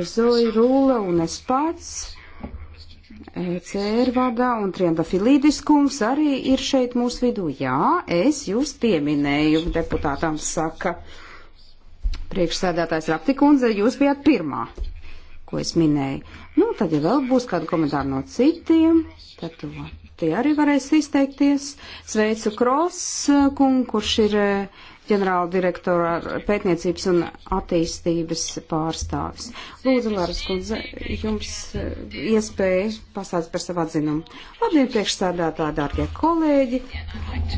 Zoja Rūla un es pats, ECR vadā un Trienda Filīdis kungs arī ir šeit mūsu vidū. Jā, es jūs pieminēju, deputātām saka. Priekšsēdētājs Raptikundze, jūs bijāt pirmā, ko es minēju. Nu, tad, ja vēl būs kādu komentāru no citiem, tad to. Tie arī varēs izteikties. Sveicu Kros eh, kungu, kurš ir uh, ģenerāla direktora pētniecības un attīstības pārstāvis. Lūdzu, Lāras kundze, jums eh, iespēja pastāstīt par savu atzinumu. Labdien, priekšstādātā, dārgie kolēģi!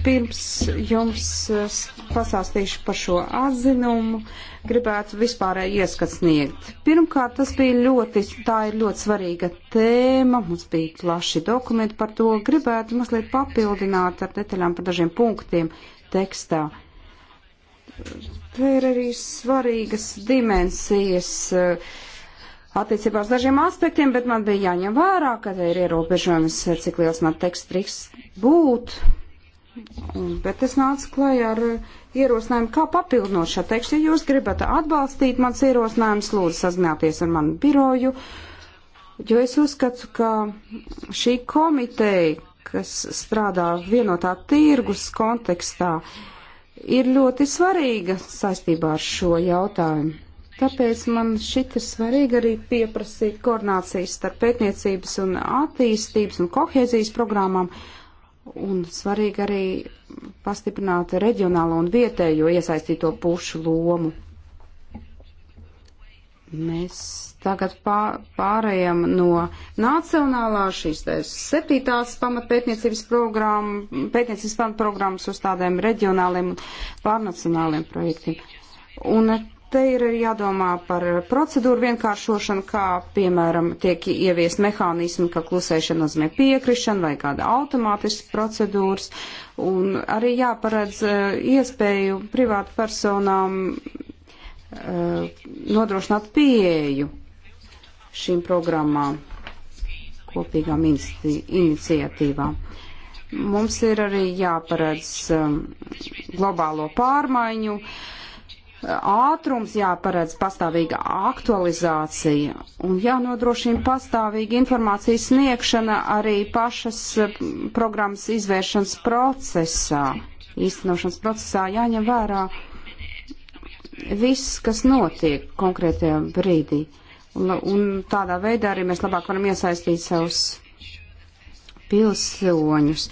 Pirms jums eh, pastāstīšu par šo atzinumu, gribētu vispārēji ieskats sniegt. Pirmkārt, tas bija ļoti, tā ir ļoti svarīga tēma, mums bija plaši dokumenti par to, gribētu mazliet papildināt ar detaļām par dažiem punktiem tekstā. Te ir arī svarīgas dimensijas eh, attiecībā uz dažiem aspektiem, bet man bija jāņem vērā, ka te ir ierobežojums, eh, cik liels man teksts drīks būt. Bet es nācu klajā ar eh, ierosinājumu, kā papildinot šo tekstu. Ja jūs gribat atbalstīt mans ierosinājums, lūdzu sazināties ar manu biroju, jo es uzskatu, ka šī komiteja, kas strādā vienotā tirgus kontekstā, uh, ir ļoti svarīga saistībā ar šo jautājumu. Tāpēc man šķiet svarīgi arī pieprasīt koordinācijas starp pētniecības un attīstības un kohēzijas programmām, un svarīgi arī pastiprināt reģionālo un vietējo iesaistīto pušu lomu. Mēs Tagad pārējām no nacionālā šīs septītās pamatpētniecības programmas, pētniecības pamatprogrammas uz tādiem reģionāliem un pārnacionāliem projektiem. Un te ir jādomā par procedūru vienkāršošanu, kā, piemēram, tiek ieviest mehānismi, ka klusēšana nozīmē piekrišana vai kāda automātiska procedūras, un arī jāparedz eh, iespēju privātu personām eh, nodrošināt pieeju šīm programmām, kopīgām iniciatīvām. Mums ir arī jāparedz um, globālo pārmaiņu ātrums, jāparedz pastāvīga aktualizācija un jānodrošina pastāvīga informācijas sniegšana arī pašas um, programmas izvēršanas procesā, īstenošanas procesā jāņem vērā viss, kas notiek konkrētajā brīdī. Uh, Un, un tādā veidā arī mēs labāk varam iesaistīt savus pilsoņus.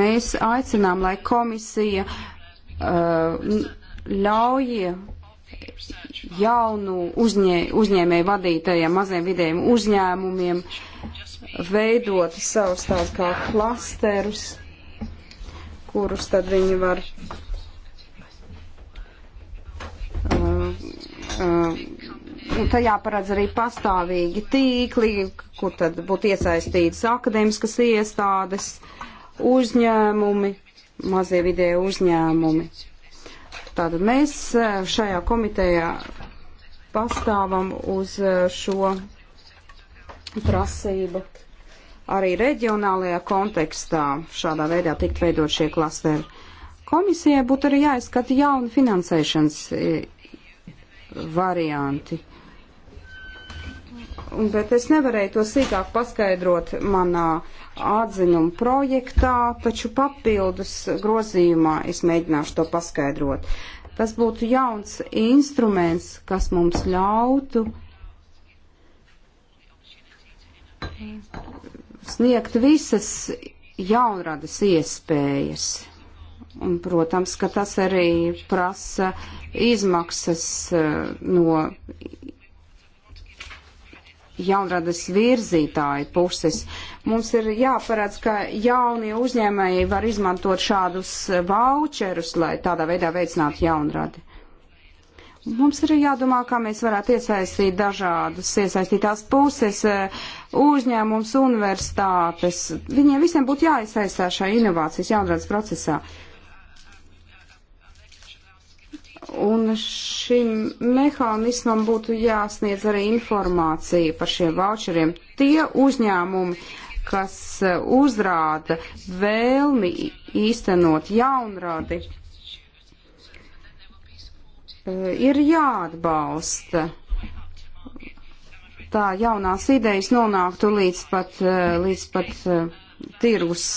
Mēs aicinām, lai komisija uh, ļauj jaunu uzņē, uzņēmēju vadītajiem maziem vidējiem uzņēmumiem veidot savus tādus kā klasterus, kurus tad viņi var uh, uh, tā jāparedz arī pastāvīgi tīkli, kur tad būtu iesaistītas akadēmiskas iestādes, uzņēmumi, mazie vidēji uzņēmumi. Tātad mēs eh, šajā komitejā pastāvam uz eh, šo prasību arī reģionālajā kontekstā šādā veidā tikt veidot šie klasteri. Komisijai būtu arī jāizskata jauni finansēšanas eh, varianti bet es nevarēju to sīkāk paskaidrot manā atziņuma projektā, taču papildus grozījumā es mēģināšu to paskaidrot. Tas būtu jauns instruments, kas mums ļautu sniegt visas jaunradas iespējas. Un, protams, ka tas arī prasa izmaksas eh, no jaunradas virzītāju puses. Mums ir jāparāds, ka jaunie uzņēmēji var izmantot šādus voucherus, lai tādā veidā veicinātu jaunradi. Mums ir jādomā, kā mēs varētu iesaistīt dažādas iesaistītās puses, eh, uzņēmums, universitātes. Viņiem visiem būtu jāiesaistās šajā inovācijas jaunradas procesā. Uh, Un šim mehānismam būtu jāsniedz arī informācija par šiem voucheriem. Tie uzņēmumi, kas eh, uzrāda vēlmi īstenot jaunradi, eh, ir jāatbalsta. Tā jaunās idejas nonāktu līdz pat, eh, līdz pat tirgus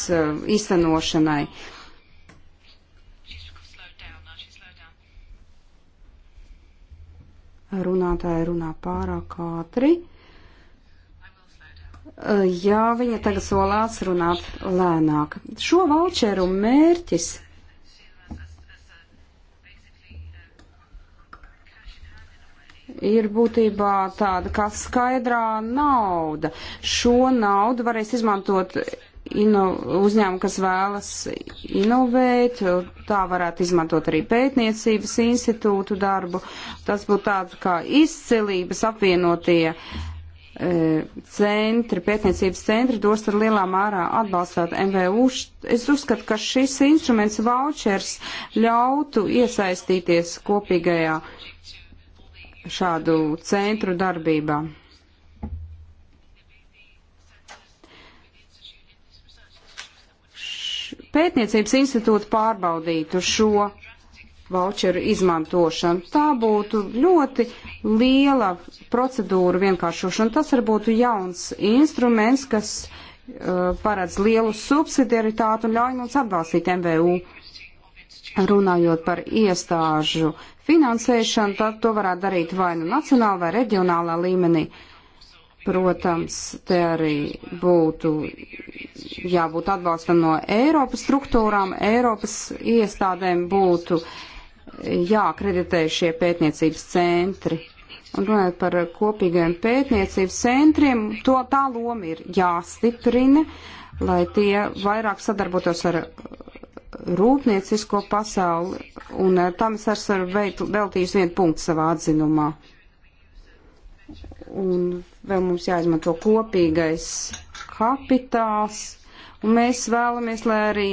īstenošanai. Uh, runātāja runā pārāk ātri. Jā, viņa tagad solās runāt lēnāk. Šo voucheru mērķis ir būtībā tāda kā skaidrā nauda. Šo naudu varēs izmantot ino, uzņēmumi, kas vēlas inovēt, tā varētu izmantot arī pētniecības institūtu darbu. Tas būtu tāds kā izcelības apvienotie e, centri, pētniecības centri dos ar lielā mērā atbalstāt MVU. Es uzskatu, ka šis instruments vouchers ļautu iesaistīties kopīgajā šādu centru darbībā. pētniecības institūti pārbaudītu šo voucheru izmantošanu. Tā būtu ļoti liela procedūra vienkāršošana. Tas var būt jauns instruments, kas uh, paredz lielu subsidiaritātu un ļauj mums atbalstīt MVU. Runājot par iestāžu finansēšanu, tad to varētu darīt vai nu nacionālā vai reģionālā līmenī. Uh, Protams, te arī būtu jābūt atbalstam no Eiropas struktūrām, Eiropas iestādēm būtu jākreditē šie pētniecības centri. Un runājot par kopīgiem pētniecības centriem, to tā loma ir jāstiprina, lai tie vairāk sadarbotos ar rūpniecisko pasauli, un tam es esmu veltījis vienu punktu savā atzinumā. Un vēl mums jāizmanto kopīgais kapitāls, un mēs vēlamies, lai arī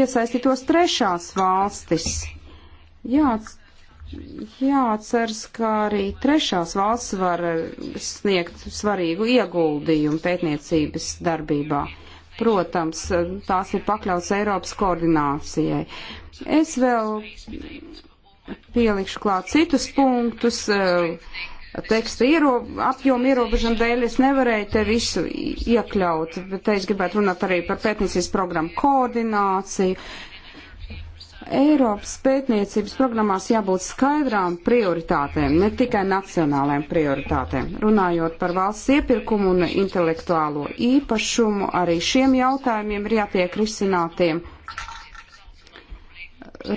iesaistītos trešās valstis. Jā, jāatceras, ka arī trešās valsts var sniegt svarīgu ieguldījumu pētniecības darbībā. Protams, tās ir pakļauts Eiropas koordinācijai. Es vēl pielikšu klāt citus punktus, eh, teksta iero, apjoma ierobežuma dēļ es nevarēju te visu iekļaut, bet te es gribētu runāt arī par pētniecības programmu koordināciju. Eiropas pētniecības programmās jābūt skaidrām prioritātēm, ne tikai nacionālajām prioritātēm. Runājot par valsts iepirkumu un intelektuālo īpašumu, arī šiem jautājumiem ir jātiek risinātiem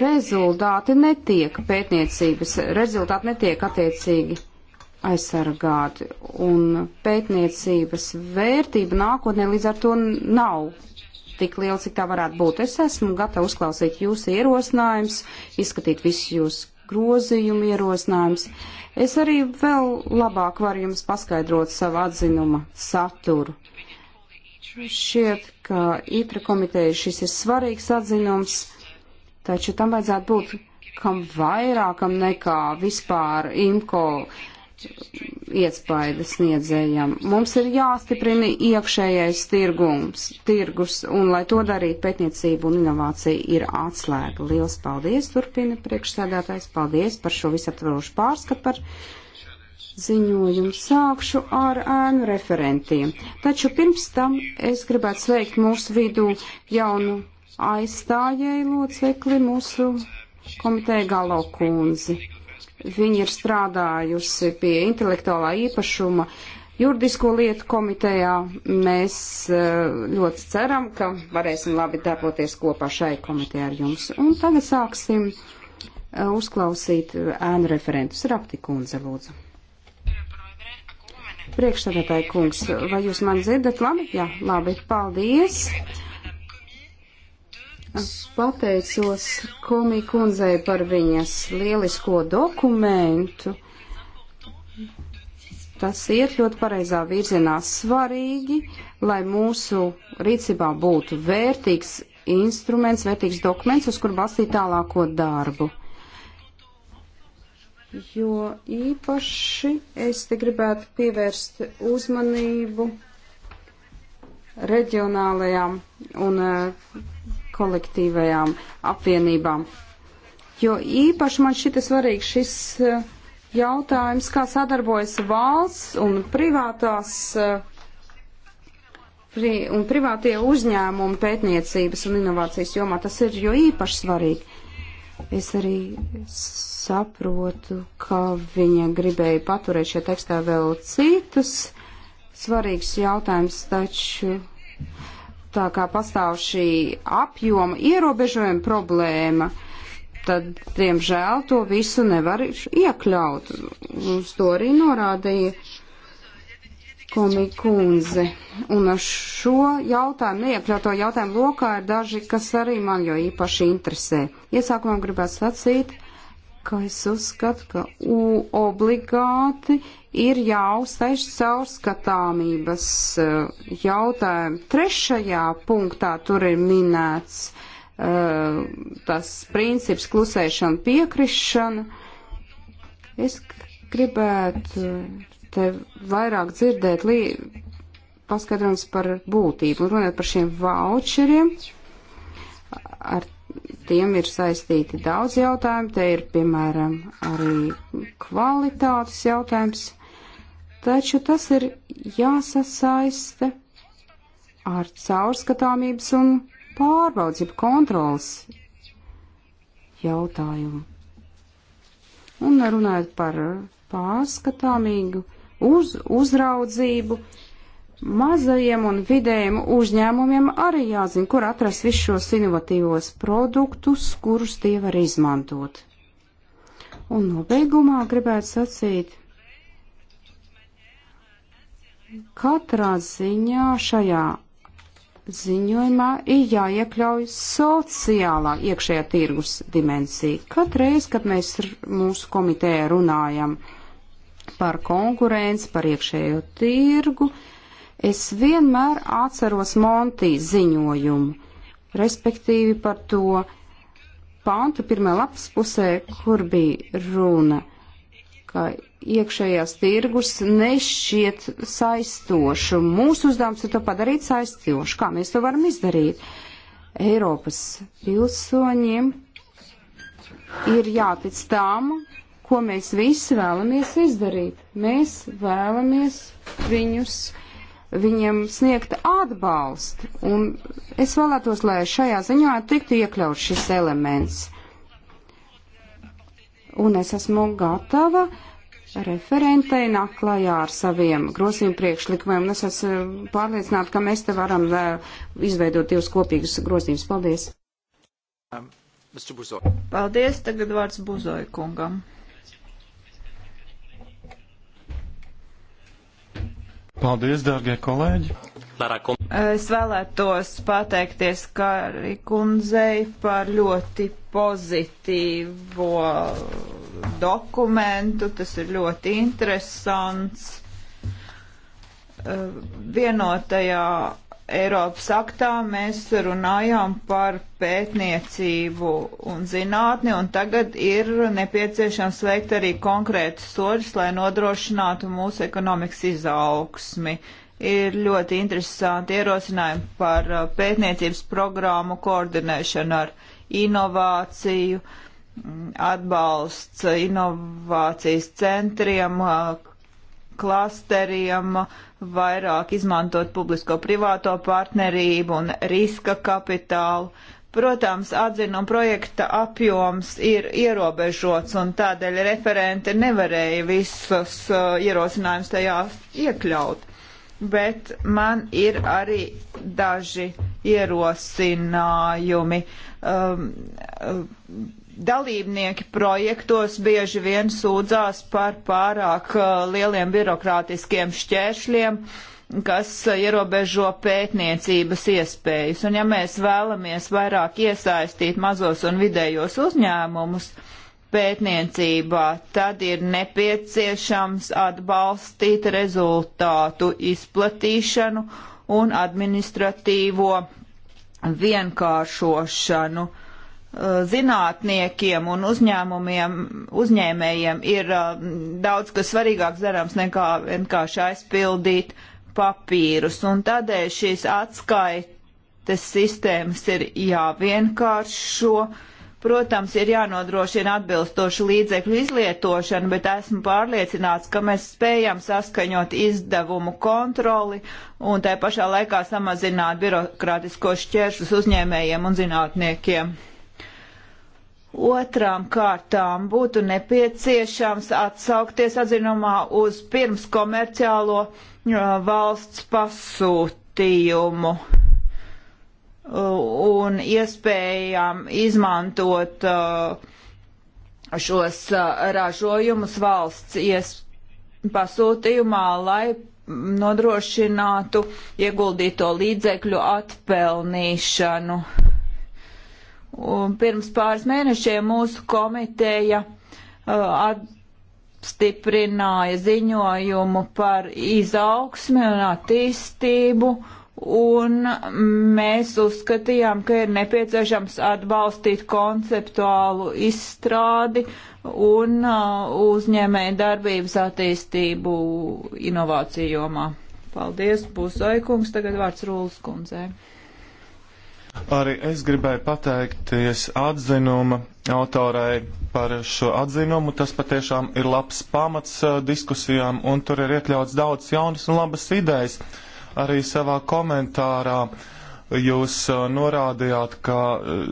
rezultāti netiek pētniecības, rezultāti netiek attiecīgi aizsargāti, un pētniecības vērtība nākotnē līdz ar to nav tik liela, cik tā varētu būt. Es esmu gatava uzklausīt jūsu ierosinājums, izskatīt visus jūsu grozījumu ierosinājums. Es arī vēl labāk varu jums paskaidrot savu atzinuma saturu. Šķiet, ka ITRA komiteja šis ir svarīgs atzinums, taču tam vajadzētu būt kam vairākam nekā vispār IMCO uh, iespaidu sniedzējam. Mums ir jāstiprina iekšējais tirgums, tirgus, un lai to darītu pētniecību un inovācija ir atslēga. Liels paldies, turpina priekšsēdētājs, paldies par šo visaptvarošu pārskatu par ziņojumu. Sākšu ar ēnu referentiem. Taču pirms tam es gribētu sveikt mūsu vidū jaunu aizstājēju locekli mūsu komiteja Galo kundzi Viņa ir strādājusi pie intelektuālā īpašuma juridisko lietu komitejā. Mēs eh, ļoti ceram, ka varēsim labi darboties kopā šai komitejā ar jums. Un tagad sāksim eh, uzklausīt eh, ēnu referentus. Rapti kundze, lūdzu. Priekšsēdētāji kungs, vai jūs mani dzirdat labi? Jā, labi, paldies. Pateicos komī kundzei par viņas lielisko dokumentu. Tas iet ļoti pareizā virzienā svarīgi, lai mūsu rīcībā būtu vērtīgs instruments, vērtīgs dokuments, uz kur balstīt tālāko darbu. Jo īpaši es te gribētu pievērst uzmanību reģionālajām un uh, kolektīvajām apvienībām. Jo īpaši man šita svarīgs šis e, jautājums, kā sadarbojas valsts un privātās e, pri, un privātie uzņēmumi pētniecības un inovācijas jomā. Tas ir jo īpaši svarīgi. Es arī saprotu, ka viņa gribēja paturēt šajā tekstā vēl citus svarīgus jautājumus, taču tā kā pastāv šī apjoma ierobežojuma problēma, tad, diemžēl, to visu nevar iekļaut. Uz to arī norādīja komikundze. Un ar šo jautājumu, neiekļauto jautājumu lokā ir daži, kas arī man jau īpaši interesē. Iesākumā gribētu sacīt, ka es uzskatu, ka U obligāti ir jāuztais caurskatāmības eh, jautājumu. Trešajā punktā tur ir minēts uh, tas princips klusēšana piekrišana. Es gribētu te vairāk dzirdēt paskaidrojums par būtību un runāt par šiem voucheriem ar tiem ir saistīti daudz jautājumu. Te ir, piemēram, arī kvalitātes jautājums. Taču tas ir jāsasaista ar caurskatāmības un pārbaudzību kontrolas jautājumu. Un runājot par pārskatāmīgu uz, uzraudzību, uh, Mazajiem un vidējiem uzņēmumiem arī jāzina, kur atrast visus šos inovatīvos produktus, kurus tie var izmantot. Un nobeigumā gribētu sacīt, katrā ziņā šajā ziņojumā ir jāiekļauj sociālā iekšējā tirgus dimensija. Katreiz, kad mēs mūsu komitē runājam par konkurenci, par iekšējo tirgu, uh, Es vienmēr atceros Monti ziņojumu, respektīvi par to pantu pirmā lapas pusē, kur bija runa, ka iekšējās tirgus nešķiet saistošu. Mūsu uzdevums ir to padarīt saistošu. Kā mēs to varam izdarīt? Eiropas pilsoņiem ir jātic tām, ko mēs visi vēlamies izdarīt. Mēs vēlamies viņus viņiem sniegta atbalsta, un es vēlētos, lai šajā ziņā tiktu iekļauts šis elements. Un es esmu gatava referentei nāk klajā ar saviem grozījumu priekšlikumiem, un es esmu pārliecināta, ka mēs te varam e, izveidot divus kopīgus grozījumus. Paldies! Um, Paldies, tagad vārds Buzoja kungam. Paldies, dārgie kolēģi! Es vēlētos pateikties Kāri kundzei par ļoti pozitīvo dokumentu. Tas ir ļoti interesants. Uh, vienotajā Eiropas aktā mēs runājām par pētniecību un zinātni, un tagad ir nepieciešams veikt arī konkrētus soļus, lai nodrošinātu mūsu ekonomikas izaugsmi. Ir ļoti interesanti ierosinājumi par uh, pētniecības programmu koordinēšanu ar inovāciju, mm, atbalsts inovācijas centriem, uh, klasteriem, vairāk izmantot publisko-privāto partnerību un riska kapitālu. Protams, atzinuma projekta apjoms ir ierobežots, un tādēļ referente nevarēja visus uh, ierosinājumus tajā iekļaut. Bet man ir arī daži ierosinājumi. Um, um dalībnieki projektos bieži vien sūdzās par pārāk uh, lieliem birokrātiskiem šķēršļiem, kas uh, ierobežo pētniecības iespējas. Un ja mēs vēlamies vairāk iesaistīt mazos un vidējos uzņēmumus pētniecībā, tad ir nepieciešams atbalstīt rezultātu izplatīšanu un administratīvo vienkāršošanu. Uh, zinātniekiem un uzņēmumiem, uzņēmējiem ir uh, daudz kas svarīgāks darāms nekā vienkārši aizpildīt papīrus. Un tādēļ šīs atskaites sistēmas ir jāvienkāršo. Protams, ir jānodrošina atbilstoši līdzekļu izlietošana, bet esmu pārliecināts, ka mēs spējam saskaņot izdevumu kontroli un tai pašā laikā samazināt birokrātiskos šķēršus uzņēmējiem un zinātniekiem. Otrām kārtām būtu nepieciešams atsaukties atzinumā uz pirms komerciālo uh, valsts pasūtījumu uh, un iespējām izmantot uh, šos uh, ražojumus valsts ies, pasūtījumā, lai nodrošinātu ieguldīto līdzekļu atpelnīšanu. Un pirms pāris mēnešiem mūsu komiteja uh, apstiprināja ziņojumu par izaugsmi un attīstību, un mēs uzskatījām, ka ir nepieciešams atbalstīt konceptuālu izstrādi un uh, uzņēmēju darbības attīstību inovāciju jomā. Paldies, Busoikungs, tagad vārds Rūlas kundzei. Arī es gribēju pateikties atzinuma autorai par šo atzinumu. Tas patiešām ir labs pamats uh, diskusijām, un tur ir iekļauts daudz jaunas un labas idejas. Arī savā komentārā jūs uh, norādījāt, ka uh,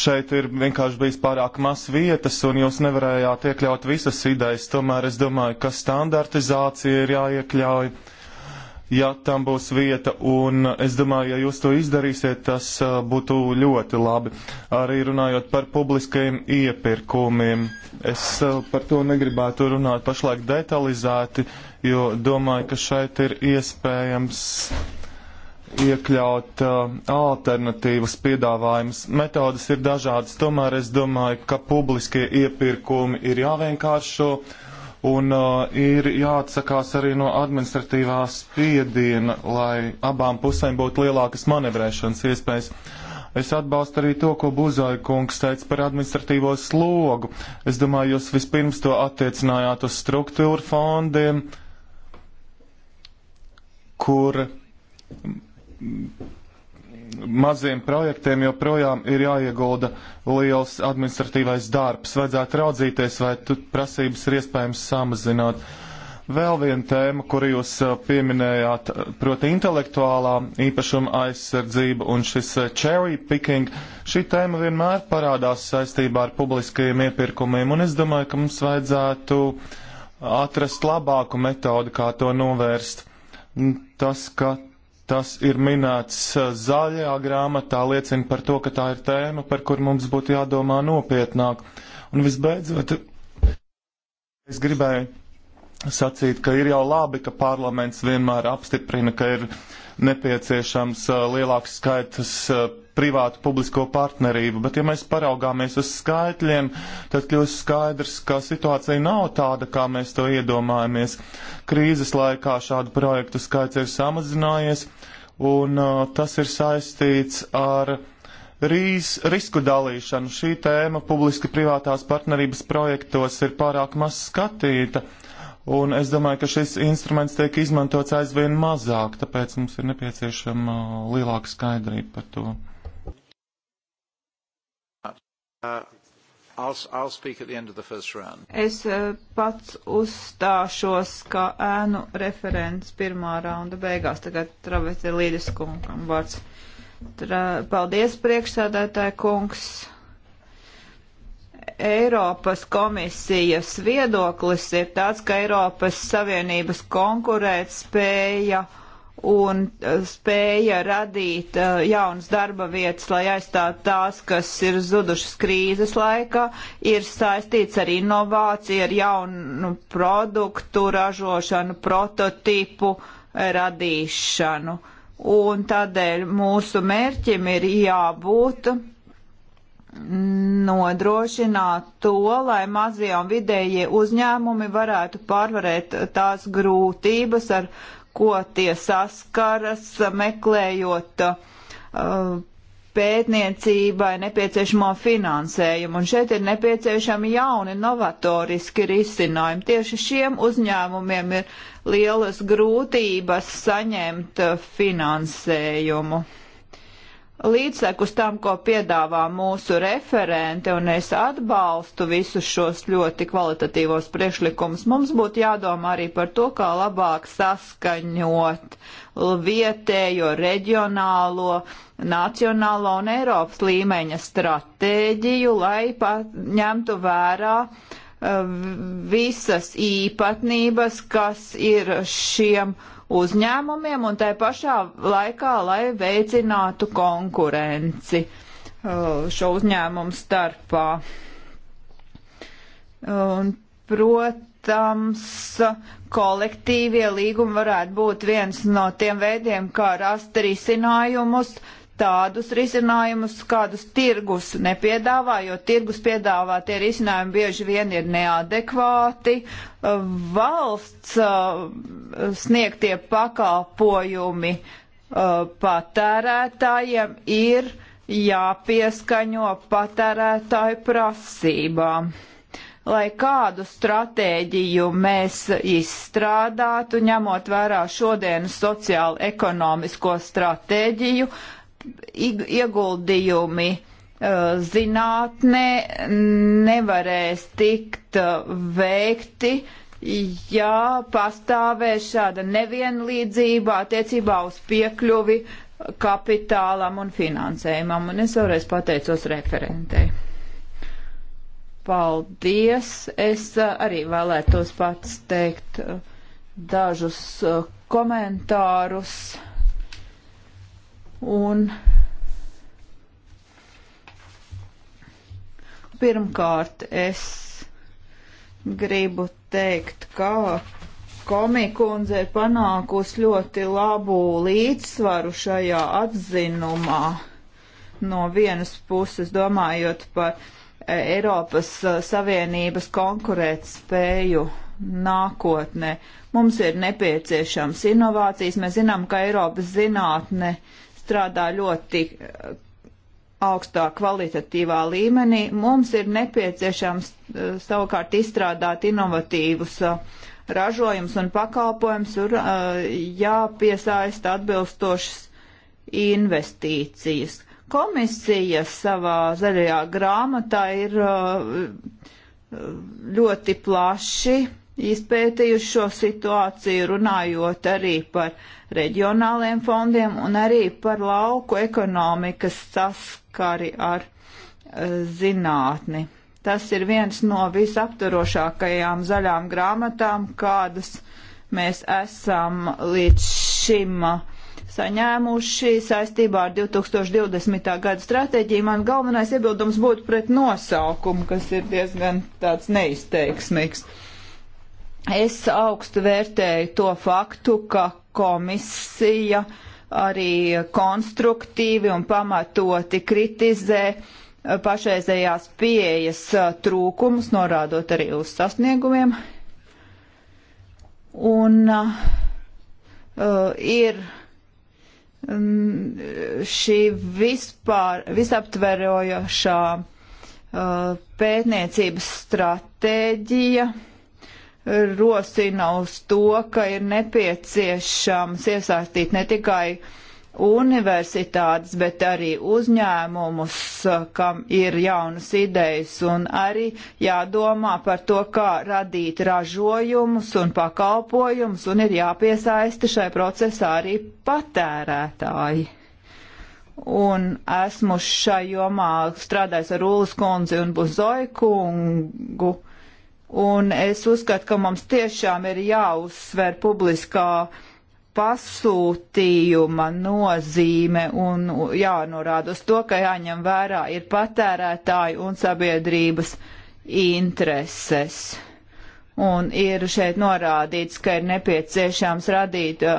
šeit ir vienkārši bijis pārāk maz vietas, un jūs nevarējāt iekļaut visas idejas. Tomēr es domāju, ka standartizācija ir jāiekļauj ja tam būs vieta, un es domāju, ja jūs to izdarīsiet, tas uh, būtu ļoti labi. Arī runājot par publiskajiem iepirkumiem, es uh, par to negribētu runāt pašlaik detalizēti, jo domāju, ka šeit ir iespējams iekļaut uh, alternatīvas piedāvājumus. Metodas ir dažādas, tomēr es domāju, ka publiskie iepirkumi ir jāvienkāršo. Uh, un uh, ir jāatsakās arī no administratīvā spiediena, lai abām pusēm būtu lielākas manevrēšanas iespējas. Es atbalstu arī to, ko Buzoja kungs teica par administratīvo slogu. Es domāju, jūs vispirms to attiecinājāt uz struktūra fondiem, kur maziem projektiem joprojām ir jāiegulda liels administratīvais darbs. Vajadzētu raudzīties, vai prasības ir iespējams samazināt. Vēl viena tēma, kuru jūs eh, pieminējāt, proti intelektuālā īpašuma aizsardzība un šis eh, cherry picking. Šī tēma vienmēr parādās saistībā ar publiskajiem iepirkumiem, un es domāju, ka mums vajadzētu atrast labāku metodi, kā to novērst. Tas, ka Tas ir minēts eh, zaļajā grāmatā, liecina par to, ka tā ir tēma, par kur mums būtu jādomā nopietnāk. Un visbeidzot, es gribēju sacīt, ka ir jau labi, ka parlaments vienmēr apstiprina, ka ir nepieciešams eh, lielāks skaits eh, privātu publisko partnerību, bet ja mēs paraugāmies uz skaitļiem, tad kļūst skaidrs, ka situācija nav tāda, kā mēs to iedomājamies. Krīzes laikā šādu projektu skaits ir samazinājies, un uh, tas ir saistīts ar rīs, risku dalīšanu. Šī tēma publiski privātās partnerības projektos ir pārāk maz skatīta. Un es domāju, ka šis instruments tiek izmantots aizvien mazāk, tāpēc mums ir nepieciešama uh, lielāka skaidrība par to. Uh, I'll, I'll speak at the end of the first round. Es uh, pats uzstāšos kā ēnu referents pirmā raunda beigās. Tagad Travete Līdis kungam vārds. Tra, paldies, priekšsēdētāji kungs. Eiropas komisijas viedoklis ir tāds, ka Eiropas Savienības konkurētspēja spēja un eh, spēja radīt eh, jaunas darba vietas, lai aizstātu tās, kas ir zudušas krīzes laikā, ir saistīts ar inovāciju, ar jaunu produktu ražošanu, prototipu eh, radīšanu. Un tādēļ mūsu mērķim ir jābūt nodrošināt to, lai mazie un vidējie uzņēmumi varētu pārvarēt tās grūtības, ar ko tie saskaras, meklējot uh, pētniecībai nepieciešamo finansējumu, un šeit ir nepieciešami jauni, novatoriski risinājumi. Tieši šiem uzņēmumiem ir lielas grūtības saņemt uh, finansējumu līdzsekus tam, ko piedāvā mūsu referente, un es atbalstu visus šos ļoti kvalitatīvos priekšlikumus. Mums būtu jādomā arī par to, kā labāk saskaņot vietējo, reģionālo, nacionālo un Eiropas līmeņa stratēģiju, lai ņemtu vērā eh, visas īpatnības, kas ir šiem uh, uzņēmumiem un tai pašā laikā, lai veicinātu konkurenci uh, šo uzņēmumu starpā. Un, protams, kolektīvie līgumi varētu būt viens no tiem veidiem, kā rast risinājumus uh, tādus risinājumus, kādus tirgus nepiedāvā, jo tirgus piedāvā tie risinājumi bieži vien ir neadekvāti. Valsts uh, sniegtie pakalpojumi uh, patērētājiem ir jāpieskaņo patērētāju prasībām. Lai kādu stratēģiju mēs izstrādātu, ņemot vērā šodienas sociālo ekonomisko stratēģiju, uh, ieguldījumi eh, zinātnē nevarēs tikt eh, veikti, ja pastāvēs šāda nevienlīdzība attiecībā uz piekļuvi kapitālam un finansējumam. Un es vēlreiz pateicos referentei. Paldies! Es eh, arī vēlētos pats teikt dažus komentārus Un pirmkārt es gribu teikt, ka komikundze ir panākusi ļoti labu līdzsvaru šajā atzinumā. No vienas puses domājot par e, Eiropas e, Savienības konkurēt spēju nākotnē. Mums ir nepieciešams inovācijas. Mēs zinām, ka Eiropas zinātne uh, strādā ļoti eh, augstā kvalitatīvā līmenī. Mums ir nepieciešams eh, savukārt izstrādāt inovatīvus eh, ražojums un pakalpojums, ir jāpiesaista atbilstošas investīcijas. Komisija savā zaļajā grāmatā ir ļoti plaši izpētījuši šo situāciju, runājot arī par reģionāliem fondiem un arī par lauku ekonomikas saskari ar e, zinātni. Tas ir viens no visaptarošākajām zaļām grāmatām, kādas mēs esam līdz šim e, saņēmuši saistībā ar 2020. gada stratēģiju. Man galvenais iebildums būtu pret nosaukumu, kas ir diezgan tāds neizteiksmīgs. Uh, Es augstu vērtēju to faktu, ka komisija arī konstruktīvi un pamatoti kritizē pašreizējās pieejas trūkumus, norādot arī uz sasniegumiem. Un uh, ir mm, šī vispār, visaptverojošā uh, pētniecības stratēģija, uh, rosina uz to, ka ir nepieciešams iesaistīt ne tikai universitātes, bet arī uzņēmumus, kam ir jaunas idejas, un arī jādomā par to, kā radīt ražojumus un pakalpojumus, un ir jāpiesaista šai procesā arī patērētāji. Un esmu šai jomā strādājis ar Ulas kundzi un Buzoikungu Un es uzskatu, ka mums tiešām ir jāuzsver publiskā pasūtījuma nozīme un jānorāda uz to, ka jāņem vērā ir patērētāju un sabiedrības intereses. Un ir šeit norādīts, ka ir nepieciešams radīt uh,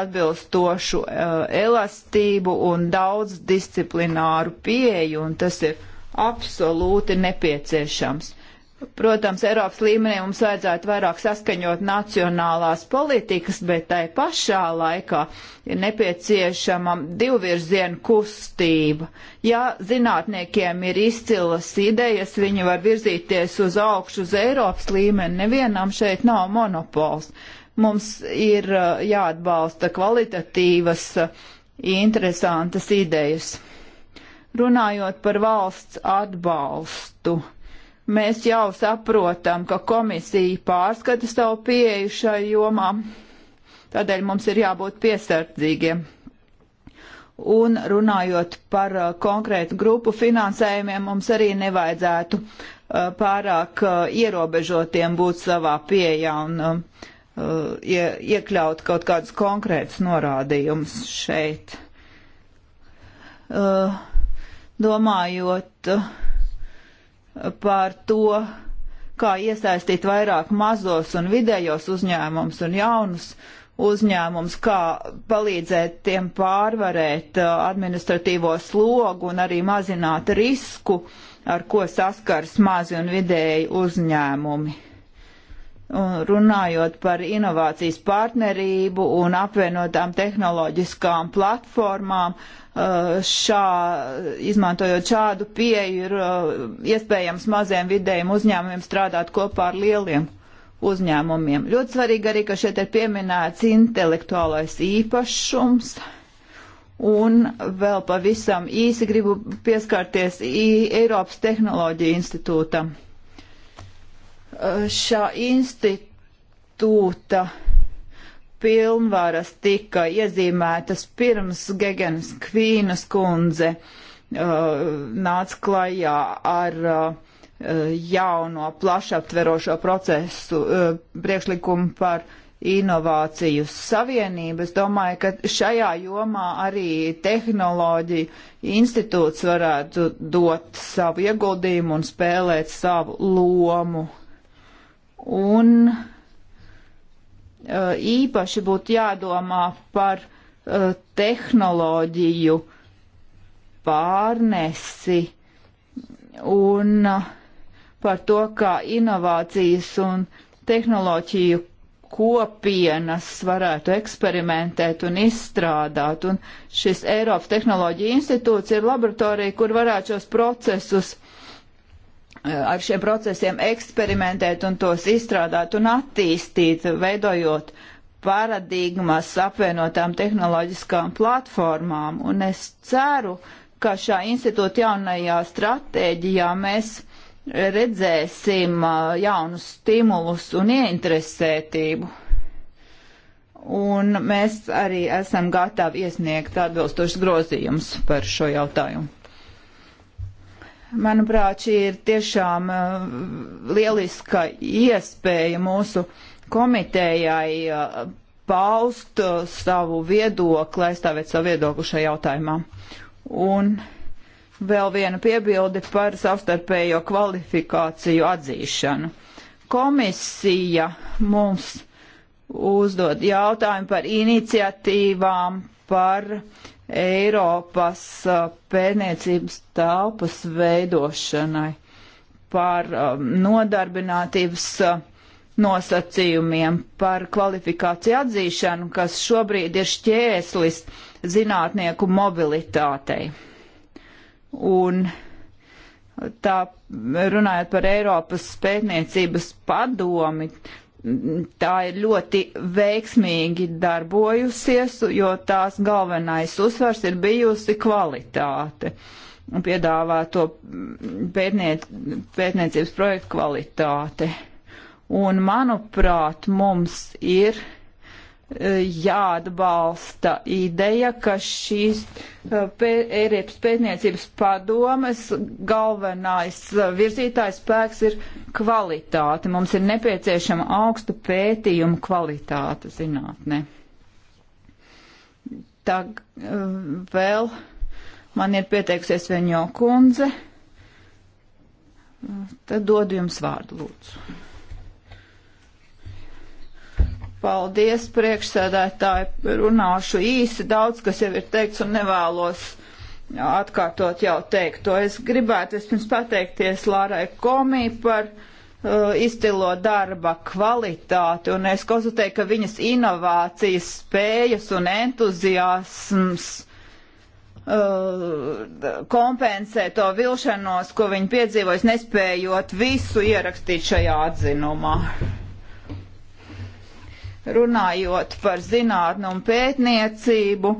atbilstošu uh, elastību un daudz disciplināru pieeju, un tas ir absolūti nepieciešams. Protams, Eiropas līmenī mums vajadzētu vairāk saskaņot nacionālās politikas, bet tai pašā laikā ir nepieciešama divvirziena kustība. Ja zinātniekiem ir izcilas idejas, viņi var virzīties uz augšu uz Eiropas līmeni, nevienam šeit nav monopols. Mums ir uh, jāatbalsta kvalitatīvas, uh, interesantas idejas. Runājot par valsts atbalstu Mēs jau saprotam, ka komisija pārskata savu pieeju šai jomā, tādēļ mums ir jābūt piesardzīgiem. Un runājot par uh, konkrētu grupu finansējumiem, mums arī nevajadzētu uh, pārāk uh, ierobežotiem būt savā pieejā un uh, uh, ie, iekļaut kaut kādus konkrētus norādījumus šeit. Uh, domājot par to, kā iesaistīt vairāk mazos un vidējos uzņēmumus un jaunus uzņēmumus, kā palīdzēt tiem pārvarēt uh, administratīvo slogu un arī mazināt risku, ar ko saskars mazi un vidēji uzņēmumi. Un runājot par inovācijas partnerību un apvienotām tehnoloģiskām platformām, uh, šā, izmantojot šādu pieeju, ir uh, iespējams maziem vidējiem uzņēmumiem strādāt kopā ar lieliem uzņēmumiem. Ļoti svarīgi arī, ka šeit ir pieminēts intelektuālais īpašums. Un vēl pavisam īsi gribu pieskarties Eiropas tehnoloģiju institūtam. Eh, šā institūta pilnvaras tika iezīmētas pirms Gegenas Kvīnas kundze uh, nāca klajā ar uh, jauno plašaptverošo procesu uh, priekšlikumu par inovāciju savienību. Es domāju, ka šajā jomā arī tehnoloģiju institūts varētu dot savu ieguldījumu un spēlēt savu lomu. Uh, un uh, īpaši būtu jādomā par uh, tehnoloģiju pārnesi un uh, par to, kā inovācijas un tehnoloģiju kopienas varētu eksperimentēt un izstrādāt. Un šis Eiropas Tehnoloģija institūts ir laboratorija, kur varētu šos procesus uh, Eh, ar šiem procesiem eksperimentēt un tos izstrādāt un attīstīt, veidojot paradigmas apvienotām tehnoloģiskām platformām. Un es ceru, ka šā institūta jaunajā stratēģijā mēs redzēsim eh, jaunus stimulus un ieinteresētību. Un mēs arī esam gatavi iesniegt atbilstošas grozījumus par šo jautājumu. Manuprāt, šī ir tiešām uh, lieliska iespēja mūsu komitējai uh, paust uh, savu viedokli, aizstāvēt savu viedokli šajā jautājumā. Un vēl viena piebilde par savstarpējo kvalifikāciju atzīšanu. Komisija mums uzdod jautājumu par iniciatīvām, par uh, Eiropas uh, pētniecības telpas veidošanai, par um, nodarbinātības uh, nosacījumiem, par kvalifikāciju atzīšanu, kas šobrīd ir šķēslis zinātnieku mobilitātei. Un tā runājot par Eiropas pētniecības padomi, tā ir ļoti veiksmīgi darbojusies, jo tās galvenais uzsvars ir bijusi kvalitāte un piedāvā to pētniec, pētniecības projektu kvalitāti. Un, manuprāt, mums ir jāatbalsta ideja, ka šīs uh, pē, Eiropas pētniecības padomes galvenais uh, virzītājs spēks ir kvalitāte. Mums ir nepieciešama augsta pētījuma kvalitāte zinātnē. Tā uh, vēl man ir pieteikusies Veņo kundze. Tad dodu jums vārdu, lūdzu. Paldies, priekšsēdētāji, runāšu īsi, daudz, kas jau ir teikts un nevēlos atkārtot jau teikto. Es gribētu vispirms pateikties Lārai Komī par uh, izcilo darba kvalitāti, un es konstatēju, ka viņas inovācijas spējas un entuziasms uh, kompensē to vilšanos, ko viņi piedzīvojas, nespējot visu ierakstīt šajā atzinumā runājot par zinātnu un pētniecību,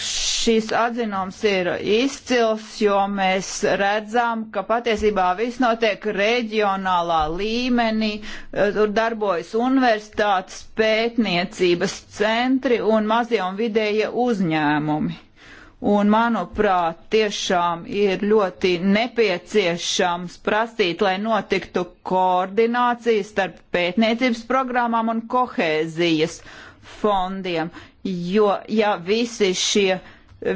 šis atzinums ir izcils, jo mēs redzam, ka patiesībā viss notiek reģionālā līmenī, e, tur darbojas universitātes, pētniecības centri un mazie un vidējie uzņēmumi. Un, manuprāt, tiešām ir ļoti nepieciešams prasīt, lai notiktu koordinācija starp pētniecības programmām un kohēzijas fondiem, jo, ja visi šie,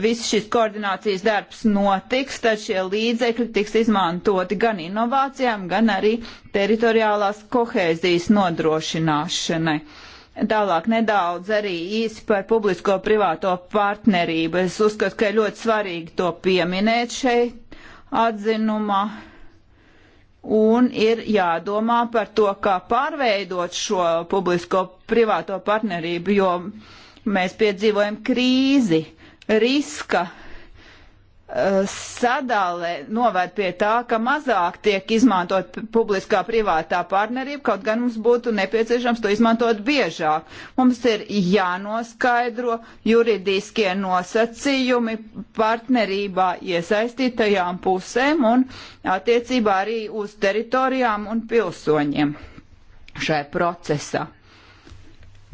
viss šis koordinācijas darbs notiks, tad šie līdzekļi tiks izmantoti gan inovācijām, gan arī teritoriālās kohēzijas nodrošināšanai. Uh, Tālāk nedaudz arī īsi par publisko-privāto partnerību. Es uzskatu, ka ir ļoti svarīgi to pieminēt šeit atzinumā. Un ir jādomā par to, kā pārveidot šo publisko-privāto partnerību, jo mēs piedzīvojam krīzi, riska Eh, sadale novērt pie tā, ka mazāk tiek izmantot publiskā privātā partnerība, kaut gan mums būtu nepieciešams to izmantot biežāk. Mums ir jānoskaidro juridiskie nosacījumi partnerībā iesaistītajām pusēm un attiecībā arī uz teritorijām un pilsoņiem šajā procesā.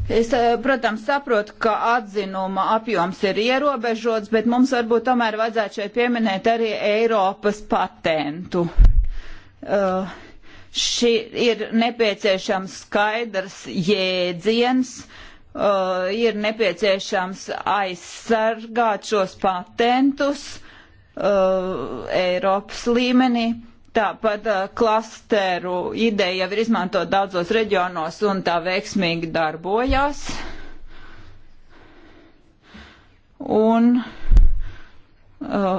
Es, eh, protams, saprotu, ka atzinuma apjoms ir ierobežots, bet mums varbūt tomēr vajadzētu šeit pieminēt arī Eiropas patentu. Uh, šī ir nepieciešams skaidrs jēdziens, uh, ir nepieciešams aizsargāt šos patentus uh, Eiropas līmenī. Uh, Tāpat klasteru ideja jau ir izmantot daudzos reģionos un tā veiksmīgi darbojās. Un uh,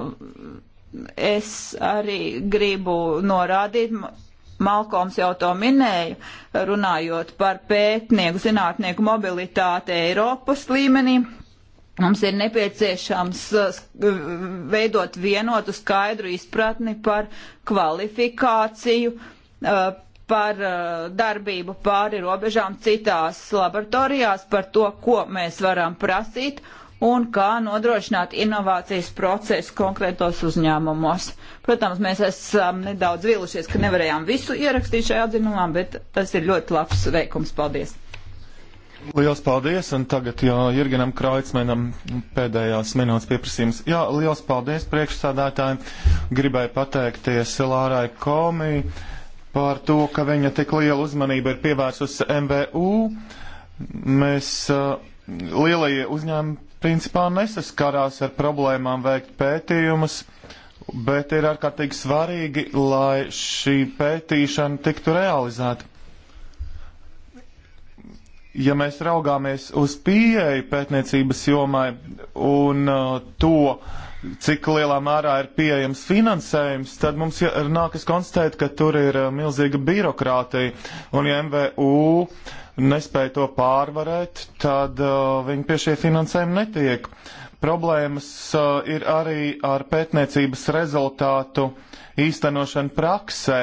es arī gribu norādīt, Malkoms jau to minēja, runājot par pētnieku, zinātnieku mobilitāti Eiropas līmenī Mums ir nepieciešams uh, uh, veidot vienotu skaidru izpratni par kvalifikāciju, uh, par darbību pāri robežām citās laboratorijās, par to, ko mēs varam prasīt un kā nodrošināt inovācijas procesu konkrētos uzņēmumos. Protams, mēs esam nedaudz vīlušies, ka nevarējām visu ierakstīt šajā atzinumā, bet tas ir ļoti labs veikums. Paldies! Liels paldies, un tagad jau Jirganam Kraucmenam pēdējās minūtes pieprasījums. Jā, liels paldies priekšsādātājiem. Gribēju pateikties Lārai Komī par to, ka viņa tik lielu uzmanību ir pievērsusi MVU. Mēs uh, lielie uzņēmumi principā nesaskarās ar problēmām veikt pētījumus, bet ir ārkārtīgi svarīgi, lai šī pētīšana tiktu realizēta ja mēs raugāmies uz pieeju pētniecības jomai un uh, to, cik lielā mērā ir pieejams finansējums, tad mums nākas konstatēt, ka tur ir uh, milzīga birokrātija, un ja MVU nespēja to pārvarēt, tad uh, viņi pie šie finansējumi netiek. Problēmas uh, ir arī ar pētniecības rezultātu īstenošanu praksē,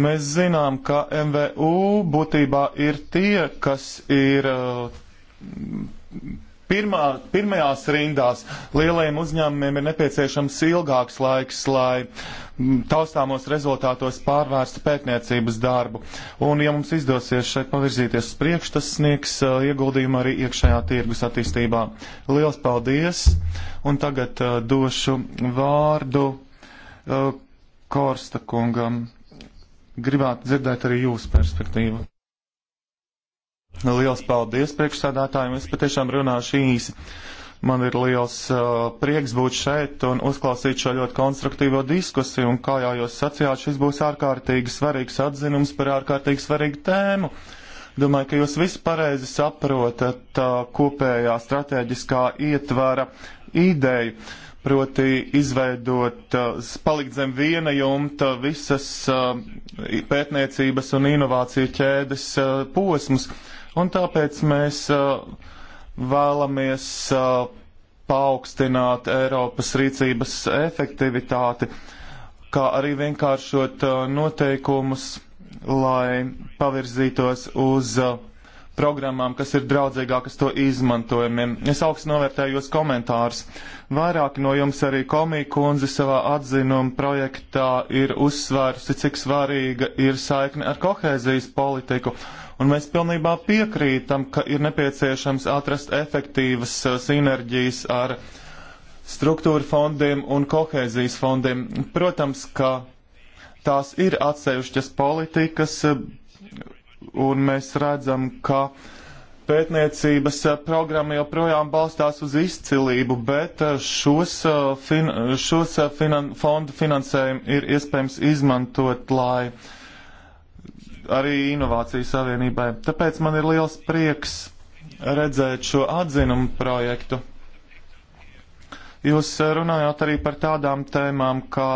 Mēs zinām, ka MVU būtībā ir tie, kas ir uh, pirmā, pirmajās rindās. Lielajiem uzņēmumiem ir nepieciešams ilgāks laiks, lai mm, taustāmos rezultātos pārvērstu pētniecības darbu. Un, ja mums izdosies šeit pavirzīties uz priekšu, tas sniegs uh, ieguldījumu arī iekšējā tirgus attīstībā. Liels paldies! Un tagad uh, došu vārdu uh, Korsta kungam gribētu dzirdēt arī jūsu perspektīvu. Liels paldies priekšsādātājiem. Es patiešām runāšu īsi. Man ir liels uh, prieks būt šeit un uzklausīt šo ļoti konstruktīvo diskusiju. Un kā jau jūs sacījāt, šis būs ārkārtīgi svarīgs atzinums par ārkārtīgi svarīgu tēmu. Domāju, ka jūs visi pareizi saprotat uh, kopējā strateģiskā ietvara ideju. Uh, proti izveidot, uh, palikt zem viena jumta visas uh, pētniecības un inovāciju ķēdes uh, posmus. Un tāpēc mēs vēlamies paaugstināt Eiropas rīcības efektivitāti, kā arī vienkāršot noteikumus, lai pavirzītos uz uh, programmām, kas ir draudzīgākas to izmantojumiem. Es augstu novērtēju jūs komentārus. Vairāki no jums arī komija kundze savā atzinuma projektā ir uzsvērusi, cik svarīga ir saikne ar kohēzijas politiku. Un mēs pilnībā piekrītam, ka ir nepieciešams atrast efektīvas uh, sinerģijas ar struktūra fondiem un kohēzijas fondiem. Protams, ka tās ir atsevišķas politikas, uh, un mēs redzam, ka pētniecības eh, programma joprojām balstās uz izcilību, bet eh, šos, eh, fin šos finan fondu finansējumu ir iespējams izmantot, lai arī inovāciju savienībai. Tāpēc man ir liels prieks redzēt šo atzinumu projektu. Jūs runājāt arī par tādām tēmām kā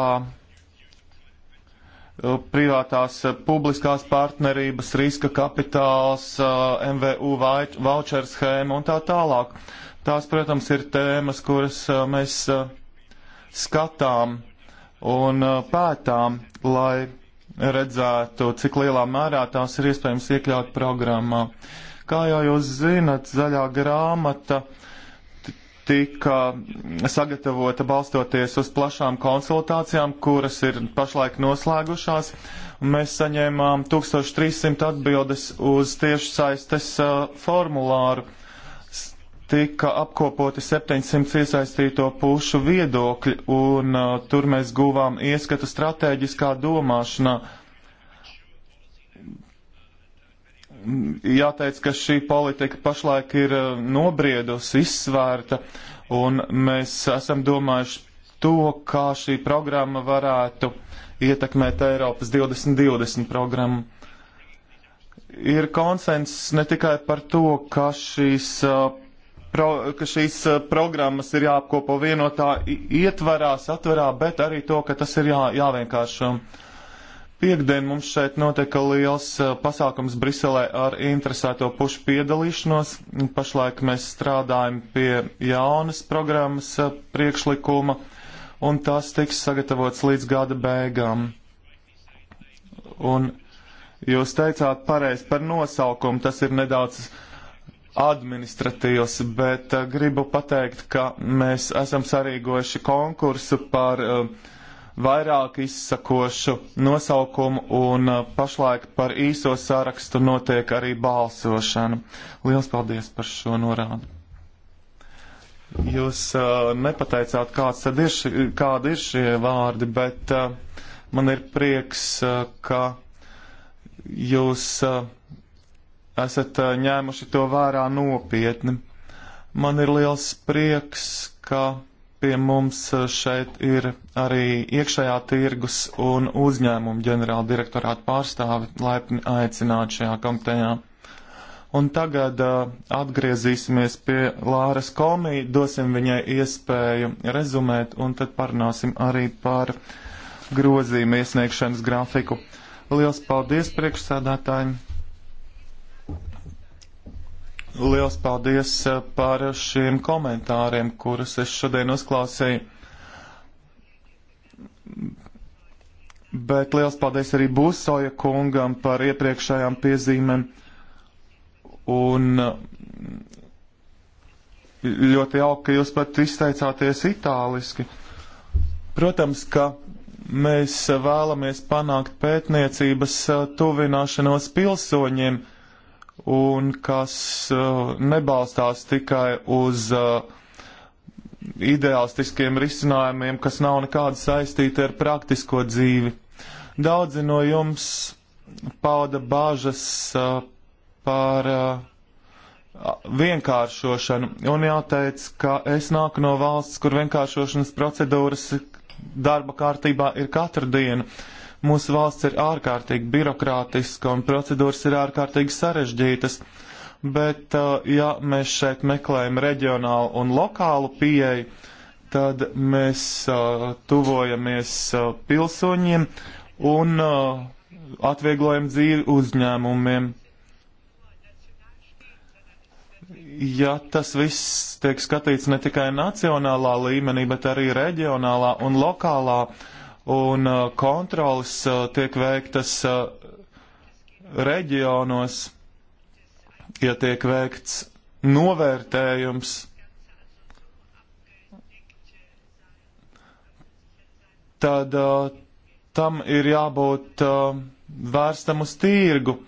Eh, privātās eh, publiskās partnerības, riska kapitāls, eh, MVU voucher schēma un tā tālāk. Tās, protams, ir tēmas, kuras mēs skatām un pētām, lai redzētu, cik lielā mērā tās ir iespējams iekļaut programmā. Kā jau jūs zinat, zaļā grāmata uh, tika sagatavota balstoties uz plašām konsultācijām, kuras ir pašlaik noslēgušās. Mēs saņēmām 1300 atbildes uz tieši saistes uh, formulāru. Tika apkopoti 700 iesaistīto pušu viedokļi, un uh, tur mēs guvām ieskatu strateģiskā domāšanā. Uh, jāteic, ka šī politika pašlaik ir eh, nobriedusi, izsvērta, un mēs esam domājuši to, kā šī programma varētu ietekmēt Eiropas 2020 programmu. Ir konsensus ne tikai par to, ka šīs, eh, pro, ka šīs eh, programmas ir jāapkopo vienotā ietvarā, satvarā, bet arī to, ka tas ir jā, jāvienkāršo. Um, Piektdien mums šeit notika liels eh, pasākums Briselē ar interesēto pušu piedalīšanos. Pašlaik mēs strādājam pie jaunas programmas eh, priekšlikuma, un tas tiks sagatavots līdz gada beigām. Un jūs teicāt pareizi par nosaukumu, tas ir nedaudz administratīvs, bet eh, gribu pateikt, ka mēs esam sarīgojuši konkursu par uh, vairāk izsakošu nosaukumu, un uh, pašlaik par īso sārakstu notiek arī balsošana. Lielas paldies par šo norādi. Jūs uh, nepateicāt, kāds tad ir, ši, kādi ir šie vārdi, bet uh, man ir prieks, uh, ka jūs uh, esat uh, ņēmuši to vērā nopietni. Man ir liels prieks, ka Pie mums eh, šeit ir arī iekšējā tirgus un uzņēmumu ģenerāla direktorāta pārstāve laipni aicināti šajā komitejā. Un tagad uh, atgriezīsimies pie Lāras Komī, dosim viņai iespēju rezumēt un tad parunāsim arī par grozījumu iesniegšanas grafiku. Liels paldies priekšsādātājiem! Liels paldies eh, par šiem komentāriem, kurus es šodien uzklausīju. Bet liels paldies arī Būsoja kungam par iepriekšējām piezīmēm. Un eh, ļoti jauki, ka jūs pat izteicāties itāliski. Protams, ka mēs eh, vēlamies panākt pētniecības tuvināšanos pilsoņiem un kas uh, nebalstās tikai uz uh, ideālistiskiem risinājumiem, kas nav nekāda saistīta ar praktisko dzīvi. Daudzi no jums pauda bāžas uh, par vienkāršošanu, un jāteic, ka es nāku no valsts, kur vienkāršošanas procedūras darba kārtībā ir katru dienu. Uh, Mūsu valsts ir ārkārtīgi birokrātiska un procedūras ir ārkārtīgi sarežģītas, bet uh, ja mēs šeit meklējam reģionālu un lokālu pieeju, tad mēs uh, tuvojamies uh, pilsoņiem un uh, atvieglojam dzīvi uzņēmumiem. Ja tas viss tiek skatīts ne tikai nacionālā līmenī, bet arī reģionālā un lokālā un uh, kontrolas uh, tiek veiktas uh, reģionos, ja tiek veikts novērtējums. Tad uh, tam ir jābūt uh, vērstam uz tirgu.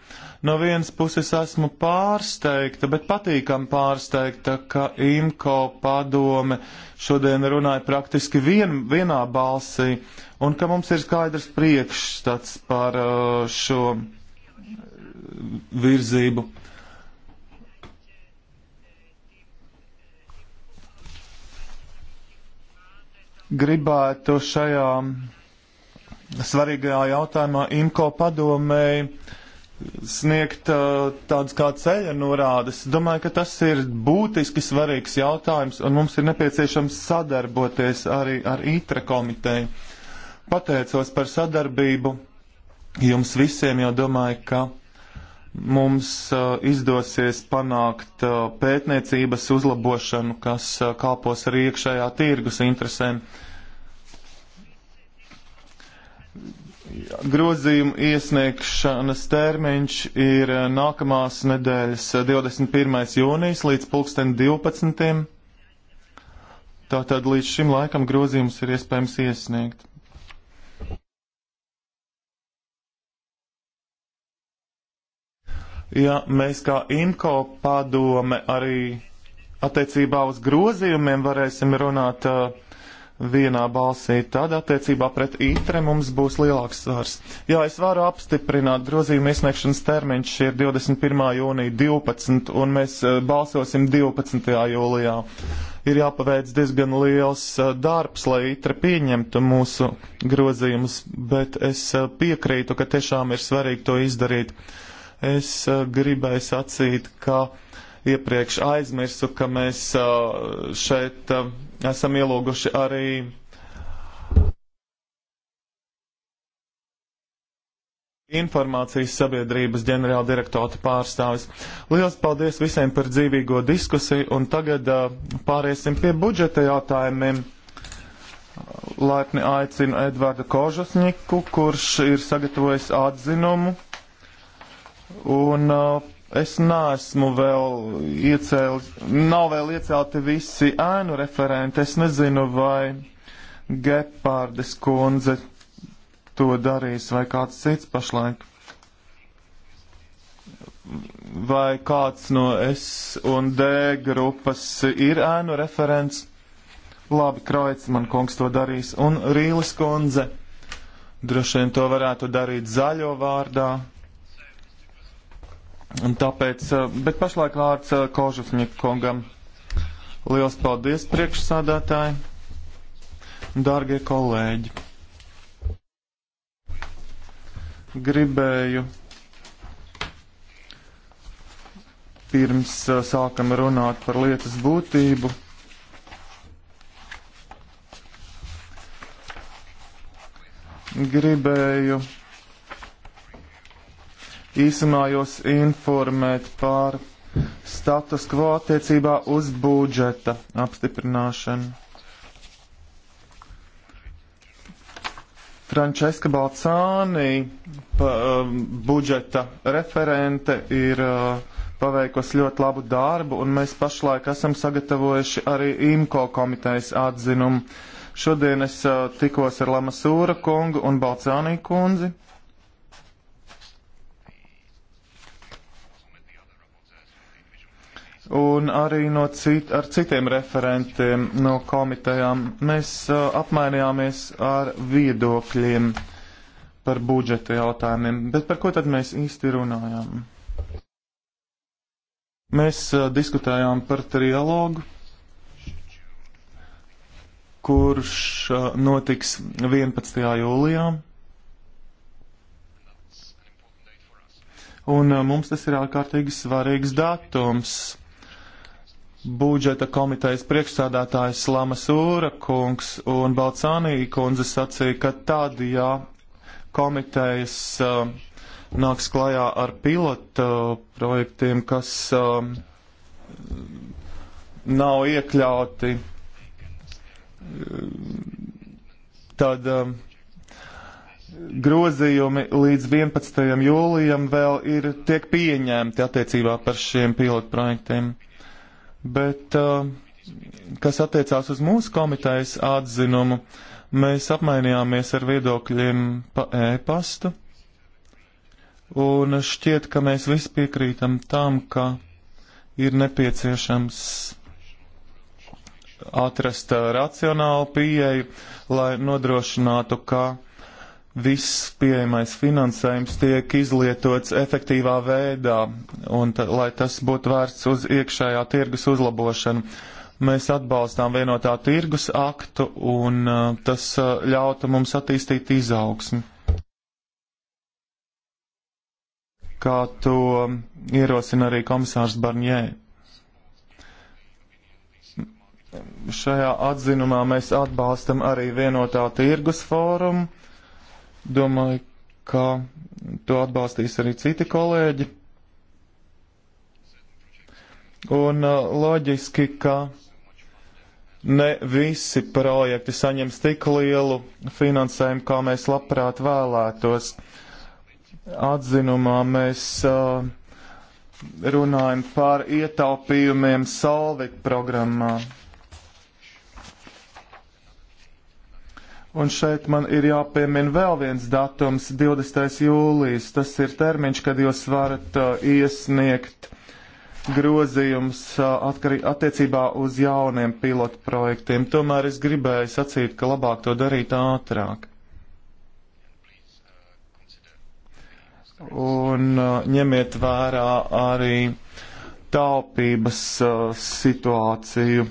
No vienas puses esmu pārsteigta, bet patīkam pārsteigta, ka IMCO padome šodien runāja praktiski vien, vienā balsī. Uh, un ka mums ir skaidrs priekšstats par uh, šo virzību. Gribētu šajā svarīgajā jautājumā IMCO padomēji sniegt uh, tādas kā ceļa norādes. Domāju, ka tas ir būtiski svarīgs jautājums, un mums ir nepieciešams sadarboties arī ar ITRA komiteju Pateicos par sadarbību jums visiem, jo domāju, ka mums uh, izdosies panākt uh, pētniecības uzlabošanu, kas uh, kalpos arī iekšējā tirgus interesēm. Grozījuma iesniegšanas termiņš ir nākamās nedēļas 21. jūnijas līdz 2012. Tātad līdz šim laikam grozījums ir iespējams iesniegt. ja mēs kā IMCO padome arī attiecībā uz grozījumiem varēsim runāt uh, vienā balsī, tad attiecībā pret ITRE mums būs lielāks svars. Jā, es varu apstiprināt grozījumu iesniegšanas termiņš ir 21. jūnija 12, un mēs uh, balsosim 12. jūlijā. Ir jāpaveic diezgan liels uh, darbs, lai ITRE pieņemtu mūsu grozījumus, bet es uh, piekrītu, ka tiešām ir svarīgi to izdarīt. Uh, es eh, gribēju sacīt, ka iepriekš aizmirsu, ka mēs eh, šeit eh, esam ielūguši arī informācijas sabiedrības ģenerāla direktora pārstāvis. Lielas paldies visiem par dzīvīgo diskusiju, un tagad uh, pāriesim pie budžeta jautājumiem. Laipni aicinu Edvardu Kožasņiku, kurš ir sagatavojis atzinumu Un uh, es neesmu vēl iecēlis, nav vēl iecelti visi ēnu referenti. Es nezinu, vai Gepārdes kundze to darīs vai kāds cits pašlaik vai kāds no S un D grupas ir ēnu referents. Labi, Kroits man kungs to darīs, un Rīlis kundze. Droši vien to varētu darīt zaļo vārdā, Un tāpēc, eh, bet pašlaik vārds eh, Kožasņikongam. Liels paldies priekšsādātāji, dārgie kolēģi. Gribēju pirms eh, sākam runāt par lietas būtību. Gribēju īsumā jūs informēt par status quo attiecībā uz budžeta apstiprināšanu. Frančeska Balcāni, pa, um, budžeta referente, ir uh, paveikusi ļoti labu darbu, un mēs pašlaik esam sagatavojuši arī IMCO komitejas atzinumu. Šodien es uh, tikos ar Lamasūra kungu un Balcānī kundzi. un arī no cit, ar citiem referentiem no komitejām. Mēs uh, apmainījāmies ar viedokļiem par budžeta jautājumiem, bet par ko tad mēs īsti runājām? Mēs uh, diskutējām par trialogu, kurš uh, notiks 11. jūlijā. Un uh, mums tas ir ārkārtīgi svarīgs datums budžeta komitejas priekšsādātājs Lama Sūra kungs un Balcānī kundze sacīja, ka tad, ja komitejas uh, nāks klajā ar pilotu uh, projektiem, kas uh, nav iekļauti, tad uh, grozījumi līdz 11. jūlijam vēl ir tiek pieņemti attiecībā par šiem pilotu projektiem. Bet, uh, kas attiecās uz mūsu komitejas atzinumu, mēs apmainījāmies ar viedokļiem pa ēpastu, e un šķiet, ka mēs visi piekrītam tam, ka ir nepieciešams atrast racionālu pieeju, lai nodrošinātu, ka viss pieejamais finansējums tiek izlietots efektīvā veidā, un tā, lai tas būtu vērsts uz iekšējā tirgus uzlabošanu. Mēs atbalstām vienotā tirgus aktu, un uh, tas uh, ļautu mums attīstīt izaugsmi. Kā to ierosina arī komisārs Barņē. Šajā atzinumā mēs atbalstam arī vienotā tirgus fórumu Domāju, ka to atbalstīs arī citi kolēģi. Un uh, loģiski, ka ne visi projekti saņems tik lielu finansējumu, kā mēs labprāt vēlētos. Atzinumā mēs uh, runājam par ietaupījumiem Solvit programmā. Un šeit man ir jāpiemina vēl viens datums - 20. jūlijas. Tas ir termiņš, kad jūs varat uh, iesniegt grozījums uh, attiecībā uz jauniem pilotu projektiem. Tomēr es gribēju sacīt, ka labāk to darīt ātrāk. Un uh, ņemiet vērā arī taupības uh, situāciju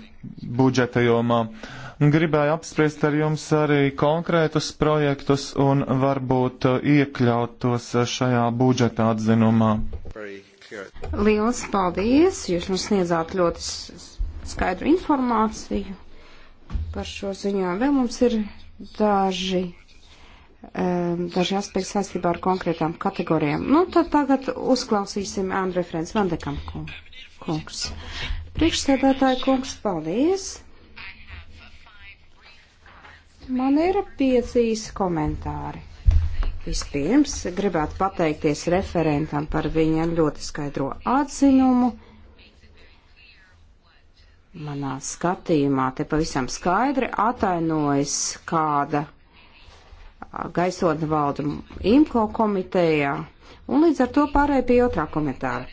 budžeta jomā. Uh, Gribēju apspriest ar jums arī konkrētus projektus un varbūt uh, iekļaut tos uh, šajā budžeta atzinumā. Lielas paldies! Jūs mums sniedzāt ļoti skaidru informāciju par šo ziņojumu. Vēl mums ir daži, um, daži aspekti saistībā ar konkrētām kategorijām. Nu, tad tagad uzklausīsim Andrei Frens Vandekam kungs. Priekšsēdētāji kungs, paldies! Man ir pieci īsi komentāri. Vispirms gribētu pateikties referentam par viņa ļoti skaidro atzinumu. Manā skatījumā te pavisam skaidri atainojas kāda gaisotne valda IMCO komitejā, un līdz ar to pārēju pie otrā komentāra.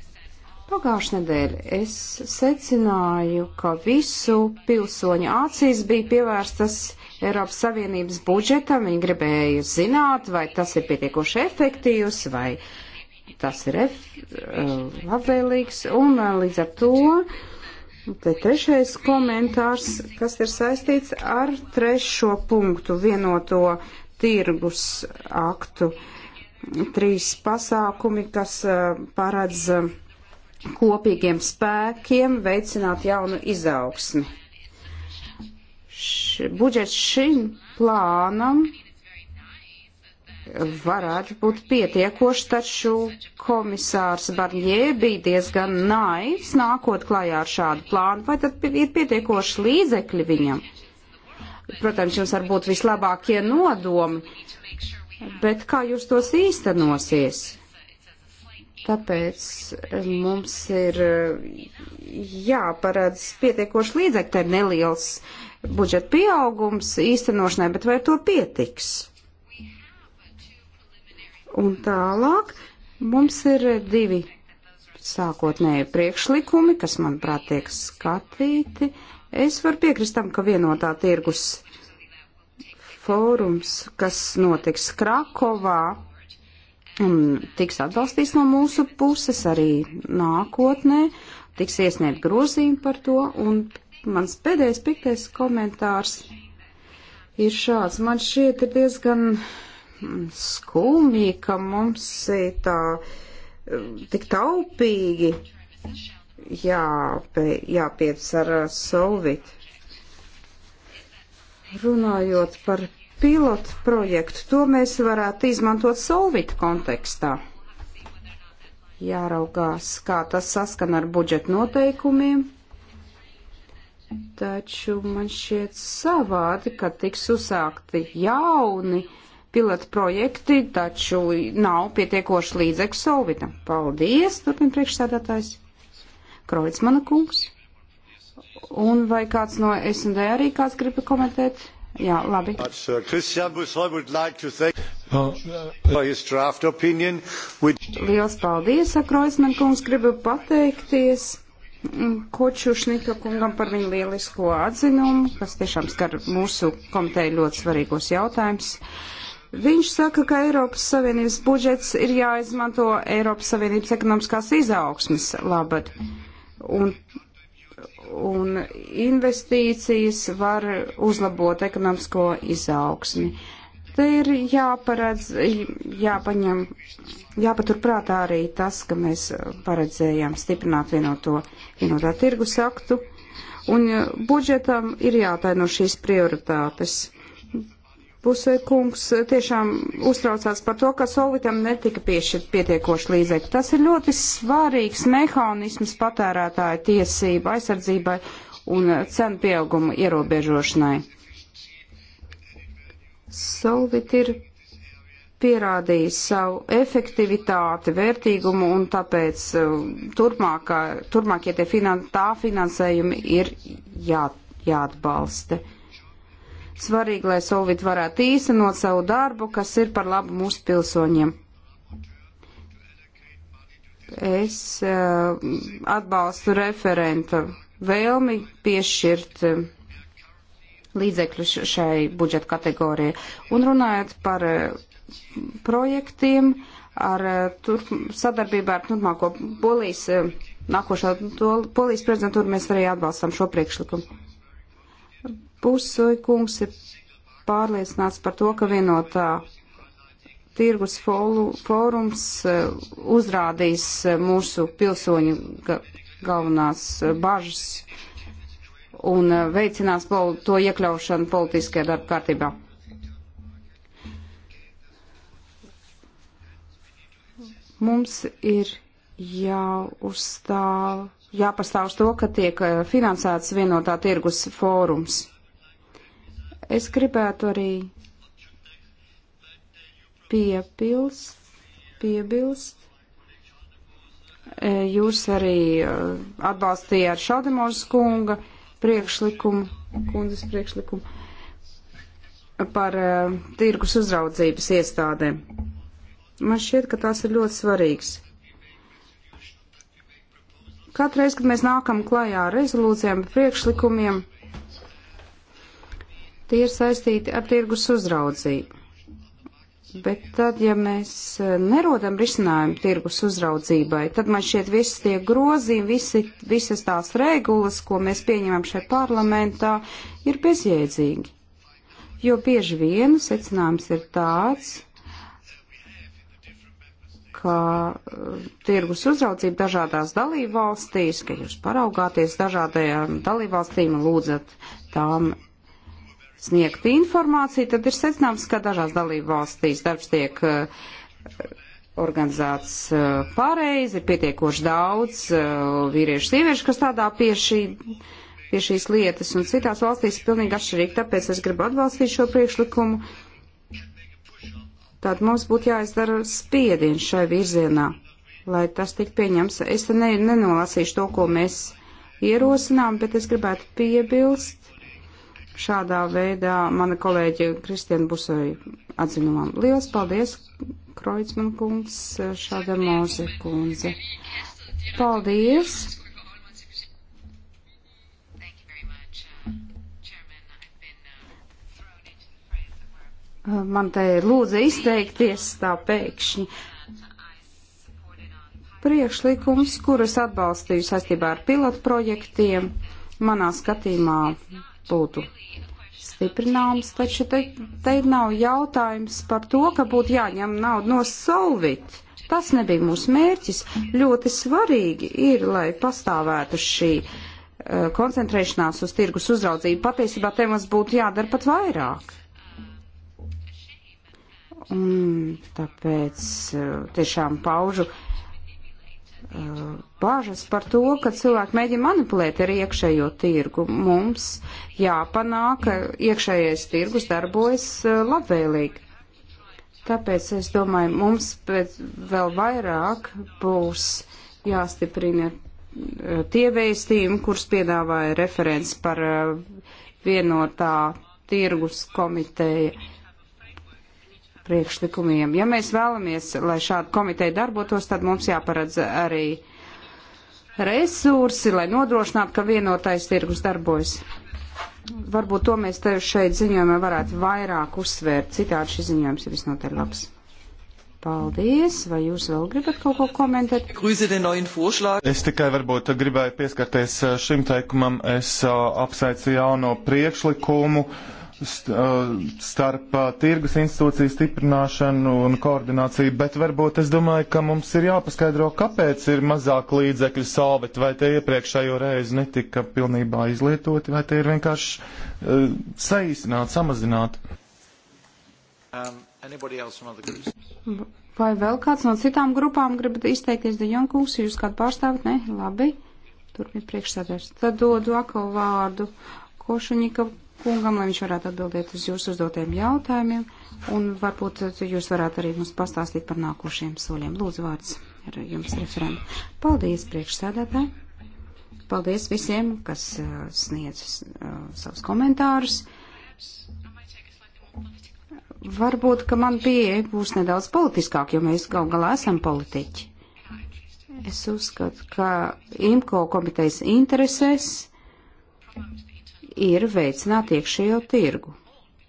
Pagājušajā nedēļā es secināju, ka visu pilsoņu acīs bija pievērstas Eiropas Savienības budžetam. Viņi gribēja zināt, vai tas ir pietiekoši efektīvs, vai tas ir ef eh, labvēlīgs. Un eh, līdz ar to te trešais komentārs, kas ir saistīts ar trešo punktu vienoto tirgus aktu. Trīs pasākumi, kas eh, paredz kopīgiem spēkiem veicināt jaunu izaugsmi š, budžets šim plānam varētu būt pietiekoši, taču komisārs Barņē bija diezgan naivs nākot klajā ar šādu plānu, vai tad ir pietiekoši līdzekļi viņam? Protams, jums var būt vislabākie nodomi, bet kā jūs tos īstenosies? Tāpēc mums ir jāparedz pietiekoši līdzekļi, te neliels uh, budžeta pieaugums īstenošanai, bet vai to pietiks? Un tālāk mums ir divi sākotnēji priekšlikumi, kas, manuprāt, tiek skatīti. Es varu piekrist tam, ka vienotā tirgus fórums, kas notiks Krakovā, un tiks atbalstīts no mūsu puses arī nākotnē, tiks iesniegt grozījumi par to, un Mans pēdējais piktais komentārs ir šāds. Man šķiet ir diezgan mm, skumji, ka mums ir tā mm, tik taupīgi jā, jāpiec ar Solvit. Runājot par pilotu projektu, to mēs varētu izmantot Solvit kontekstā. Jāraugās, kā tas saskan ar budžeta noteikumiem Taču man šķiet savādi, ka tiks uzsākti jauni pilotu projekti, taču nav pietiekoši līdzekļu solvitam. Paldies, turpin priekšsēdētājs. Kroic mana kungs. Un vai kāds no S&D arī kāds grib komentēt? Jā, labi. Uh, Liels paldies, Kroic man kungs, gribu pateikties Koču Šnika kungam par viņu lielisko atzinumu, kas tiešām skar mūsu komiteju ļoti svarīgos jautājumus. Viņš saka, ka Eiropas Savienības budžets ir jāizmanto Eiropas Savienības ekonomiskās izaugsmes labad. Un, un investīcijas var uzlabot ekonomisko izaugsmi. Uh, Te ir jāparedz, jāpaņem, jāpaturprātā arī tas, ka mēs paredzējām stiprināt vienoto, vienotā tirgus aktu, un eh, budžetam ir jātaino šīs prioritātes. Pusē kungs eh, tiešām uztraucās par to, ka Solvitam netika piešķirt pietiekoši līdzekļi. Tas ir ļoti svarīgs mehānisms patērētāja tiesība aizsardzībai un eh, cenu pieauguma ierobežošanai. Solvit ir pierādījis savu efektivitāti, vērtīgumu un tāpēc uh, turpmākā, turpmākie tie finan, tā finansējumi ir jā, jāatbalsta. Svarīgi, lai Solvit varētu īstenot savu darbu, kas ir par labu mūsu pilsoņiem. Es uh, atbalstu referenta vēlmi piešķirt uh, līdzekļus šai budžeta kategorijai. Un runājot par eh, projektiem, ar eh, tur, sadarbībā ar turpmāko polijas, eh, nākošā to, polijas prezidentūru mēs arī atbalstam šo priekšlikumu. Pusoja kungs ir pārliecināts par to, ka vienotā tirgus fórums uzrādīs mūsu pilsoņu galvenās bažas un eh, veicinās to iekļaušanu politiskajā darba kārtībā. Mums ir jāuzstāv, jāpastāv uz to, ka tiek eh, finansēts vienotā tirgus fórums. Es gribētu arī piebilst, piebilst eh, jūs arī atbalstījāt Šaldemors kunga priekšlikumu, kundzes priekšlikumu par uh, tirgus uzraudzības iestādēm. Man šķiet, ka tās ir ļoti svarīgs. Katru reizi, kad mēs nākam klajā ar rezolūcijām, priekšlikumiem, tie ir saistīti ar tirgus uzraudzību. Bet tad, ja mēs eh, nerodam risinājumu tirgus uzraudzībai, tad man šķiet visas tie grozījumi, visi, visas tās regulas, ko mēs pieņemam šeit parlamentā, ir bezjēdzīgi. Jo bieži vien secinājums ir tāds, ka eh, tirgus uzraudzība dažādās dalībvalstīs, ka jūs paraugāties dažādajām dalībvalstīm un lūdzat tām sniegtu informāciju, tad ir secināms, ka dažās dalību valstīs darbs tiek eh, organizēts eh, pareizi, ir pietiekoši daudz eh, vīriešu sieviešu, kas tādā pie šī pie šīs lietas, un citās valstīs ir pilnīgi atšķirīgi, tāpēc es gribu atbalstīt šo priekšlikumu. Tad mums būtu jāizdara spiediens šai virzienā, lai tas tik pieņems. Es te ne, nenolasīšu to, ko mēs ierosinām, bet es gribētu piebilst, šādā veidā mana kolēģa Kristiāna Busoja atzinumam. Lielas paldies, Kroicman kungs, šāda mūze kundze. Paldies! Man te lūdza izteikties tā pēkšņi. Priekšlikums, kurus atbalstīju saistībā ar pilotu projektiem, manā skatījumā būtu stiprināms, taču te, te nav jautājums par to, ka būtu jāņem naudu no solvit. Tas nebija mūsu mērķis. Ļoti svarīgi ir, lai pastāvētu šī uh, koncentrēšanās uz tirgus uzraudzību. Patiesībā te mums būtu jādara pat vairāk. Un tāpēc uh, tiešām paužu uh, bažas par to, ka cilvēki mēģina manipulēt ar iekšējo tirgu. Mums jāpanāk, ka iekšējais tirgus darbojas eh, labvēlīgi. Tāpēc es domāju, mums vēl vairāk būs jāstiprina eh, tie vēstījumi, kurus piedāvāja referents par eh, vienotā tirgus komiteja priekšlikumiem. Ja mēs vēlamies, lai šāda komiteja darbotos, tad mums jāparedz arī resursi, lai nodrošinātu, ka vienotais tirgus darbojas. Varbūt to mēs te šeit ziņojumā varētu vairāk uzsvērt, citādi šis ziņojums ir visnotaļ labs. Paldies, vai jūs vēl gribat kaut ko komentēt? Es tikai varbūt gribēju pieskarties eh, šim teikumam, es eh, apsveicu jauno priekšlikumu. Uh, Uh, starp uh, tirgus institūciju stiprināšanu un koordināciju, bet varbūt es domāju, ka mums ir jāpaskaidro, kāpēc ir mazāk līdzekļu solvet, vai tie iepriekšējo reizi netika pilnībā izlietoti, vai tie ir vienkārši uh, saīsināti, samazināti. Um, vai vēl kāds no citām grupām gribat izteikties, Dejonkungs, jūs kādu pārstāvat? Ne, labi. Turpin priekšsēdēs. Tad dodu atkal vārdu Košuņika kungam, lai viņš varētu atbildēt uz jūsu uzdotiem jautājumiem, un varbūt jūs varētu arī mums pastāstīt par nākošiem soļiem. Lūdzu, vārds ar jums referentu. Paldies, priekšsēdētāji! Paldies visiem, kas uh, sniedz uh, savus komentārus. Varbūt, ka man pieeja būs nedaudz politiskāk, jo mēs gal galā esam politiķi. Es uzskatu, ka IMCO komitejas interesēs ir veicināt iekšējo tirgu.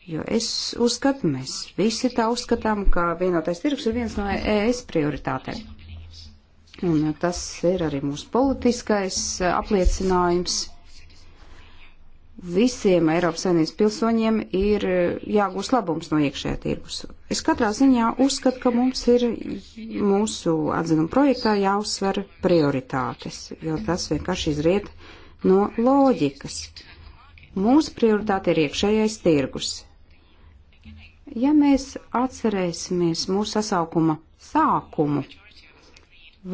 Jo es uzskatu, mēs visi tā uzskatām, ka vienotais tirgus ir viens no ES prioritātēm. Un tas ir arī mūsu politiskais apliecinājums visiem Eiropas Savienības pilsoņiem ir jāgūst labums no iekšējā tirgus. Es katrā ziņā uzskatu, ka mums ir mūsu atzinuma projektā jāuzsver prioritātes, jo tas vienkārši izriet no loģikas. Mūsu prioritāte ir iekšējais tirgus. Ja mēs atcerēsimies mūsu sasaukuma sākumu,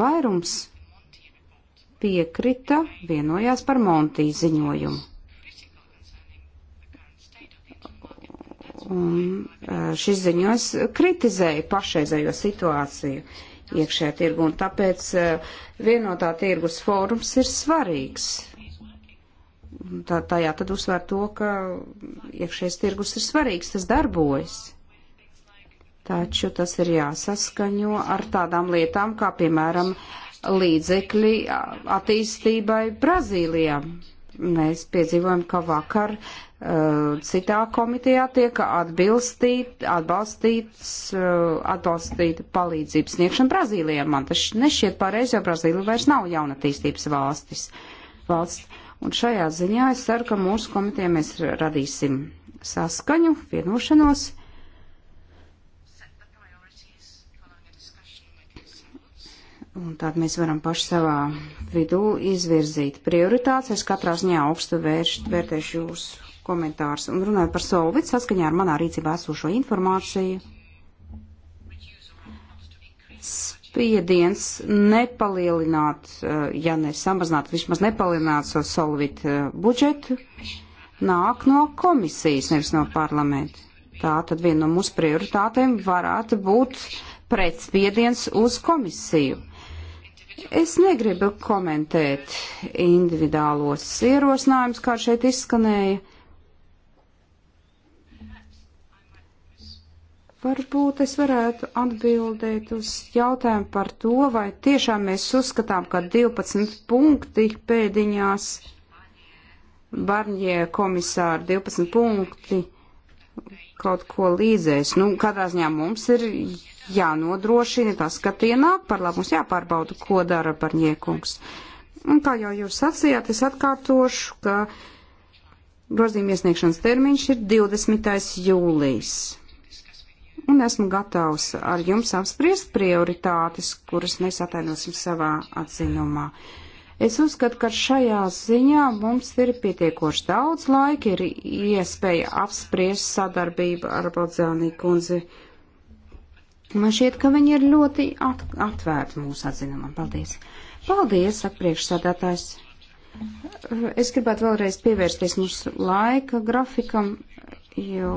vairums piekrita, vienojās par Montī ziņojumu. Un e, šis ziņojums kritizēja pašreizējo situāciju iekšē tirgu, un tāpēc e, vienotā tirgus fórums ir svarīgs tā, tajā tad uzsver to, ka iekšējais tirgus ir svarīgs, tas darbojas. Taču tas ir jāsaskaņo ar tādām lietām, kā piemēram līdzekļi attīstībai Brazīlijā. Mēs piedzīvojam, ka vakar uh, citā komitejā tiek atbilstīt, atbalstīts, uh, atbalstīta palīdzības sniegšana Brazīlijā. Man tas nešķiet pareizi, jo Brazīlija vairs nav jaunatīstības valstis. valsts Un šajā ziņā es ceru, ka mūsu komitē mēs radīsim saskaņu, vienošanos. Un tad mēs varam paši savā vidū izvirzīt prioritātes. Es katrā ziņā augstu vēršu, vērtēšu jūsu komentārus. Un runājot par Solvicu, saskaņā ar manā rīcībā esošo informāciju, spiediens nepalielināt, eh, ja nesamazināt, vismaz nepalielināt savu so solvit eh, budžetu, nāk no komisijas, nevis no parlamenta. Tā tad viena no mūsu prioritātēm varētu būt pretspiediens uz komisiju. Es negribu komentēt individuālos ierosinājumus, kā šeit izskanēja Varbūt es varētu atbildēt uz jautājumu par to, vai tiešām mēs uzskatām, ka 12 punkti pēdiņās Barņie komisāri 12 punkti kaut ko līdzēs. Nu, kādā ziņā mums ir jānodrošina tas, ka tie nāk par labu, mums jāpārbauda, ko dara Barņiekungs. Un kā jau jūs sacījāt, es atkārtošu, ka grozījuma iesniegšanas termiņš ir 20. jūlijas un esmu gatavs ar jums apspriest prioritātes, kuras mēs atainosim savā atzinumā. Es uzskatu, ka šajā ziņā mums ir pietiekoši daudz laika, ir iespēja apspriest sadarbību ar Baldzānī kundzi. Man šķiet, ka viņi ir ļoti at atvērti mūsu atzinumam. Paldies! Paldies, saka priekšsādātājs. Es gribētu vēlreiz pievērsties mūsu laika grafikam, jo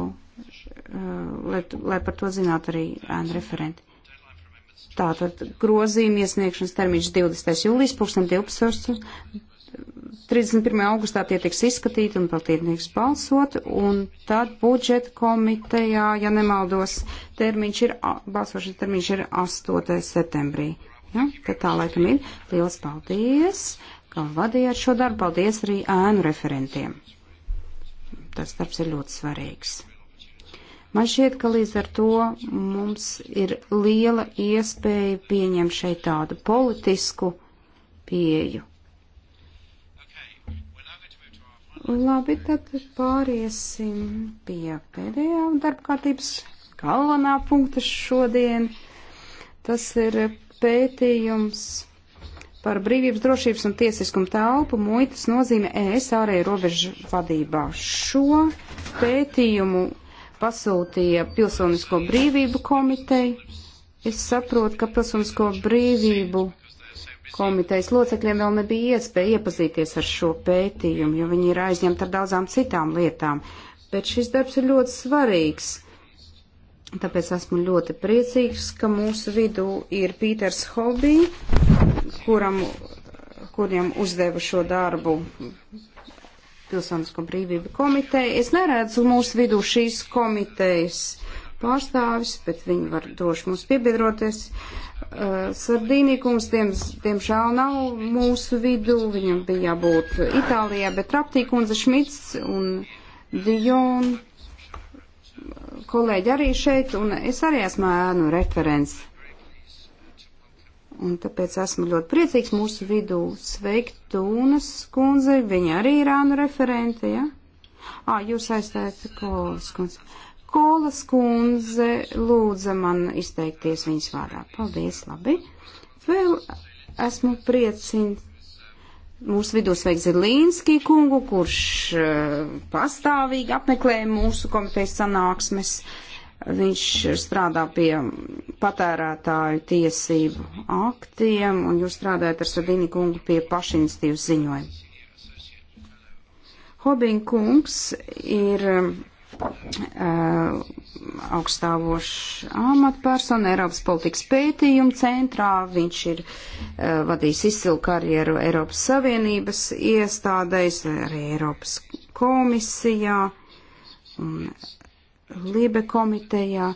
Uh, lai, lai par to zinātu arī ēnu referenti. Tātad grozījuma iesniegšanas termiņš 20. jūlijas 2012. 31. augustā tie tiks izskatīti un vēl tietieks balsot, un tad budžeta komitejā, ja nemaldos, termiņš ir, balsošanas termiņš ir 8. septembrī. Ja? Tad tā laikam ir. Lielas paldies, ka vadījāt šo darbu. Paldies arī ēnu referentiem. Tas darbs ir ļoti svarīgs. Man šķiet, ka līdz ar to mums ir liela iespēja pieņemt šeit tādu politisku pieju. Labi, tad pāriesim pie pēdējā darbkārtības galvenā punkta šodien. Tas ir pētījums par brīvības, drošības un tiesiskumu telpu muitas nozīme ES ārēju robežu vadībā. Šo pētījumu pasūtīja Pilsonisko brīvību komiteju. Es saprotu, ka Pilsonisko brīvību komitejas locekļiem vēl nebija iespēja iepazīties ar šo pētījumu, jo viņi ir aizņemti ar daudzām citām lietām. Bet šis darbs ir ļoti svarīgs. Tāpēc esmu ļoti priecīgs, ka mūsu vidū ir Pīters Hobī, kuram, kuriem uzdeva šo darbu Pilsonisko brīvību komiteja. Es neredzu mūsu vidū šīs komitejas pārstāvis, bet viņi var droši mums piebiedroties. Uh, Sardīnīkums, diem, diemžēl, nav mūsu vidū, viņam bija jābūt Itālijā, bet Raptīkundze Šmits un Dion uh, kolēģi arī šeit, un es arī esmu ēnu referents Un tāpēc esmu ļoti priecīgs mūsu vidū sveikt Tūnas kundzi, viņa arī ir ānu referente, ja? Ā, jūs aizstājat Kolas kundzi. Kolas kundze lūdza man izteikties viņas vārdā. Paldies, labi. Vēl esmu priecīgs mūsu vidū sveik Zilīnski kungu, kurš uh, pastāvīgi apmeklē mūsu komitejas sanāksmes. Uh, Viņš strādā pie patērētāju tiesību aktiem, un jūs strādājat ar Sabini kungu pie pašinstīvas ziņojuma. Hobing kungs ir um, uh, augstāvošs amatpersona Eiropas politikas pētījuma centrā. Viņš ir uh, vadījis izcilu karjeru Eiropas Savienības iestādēs, arī Eiropas komisijā un Libe komitejā.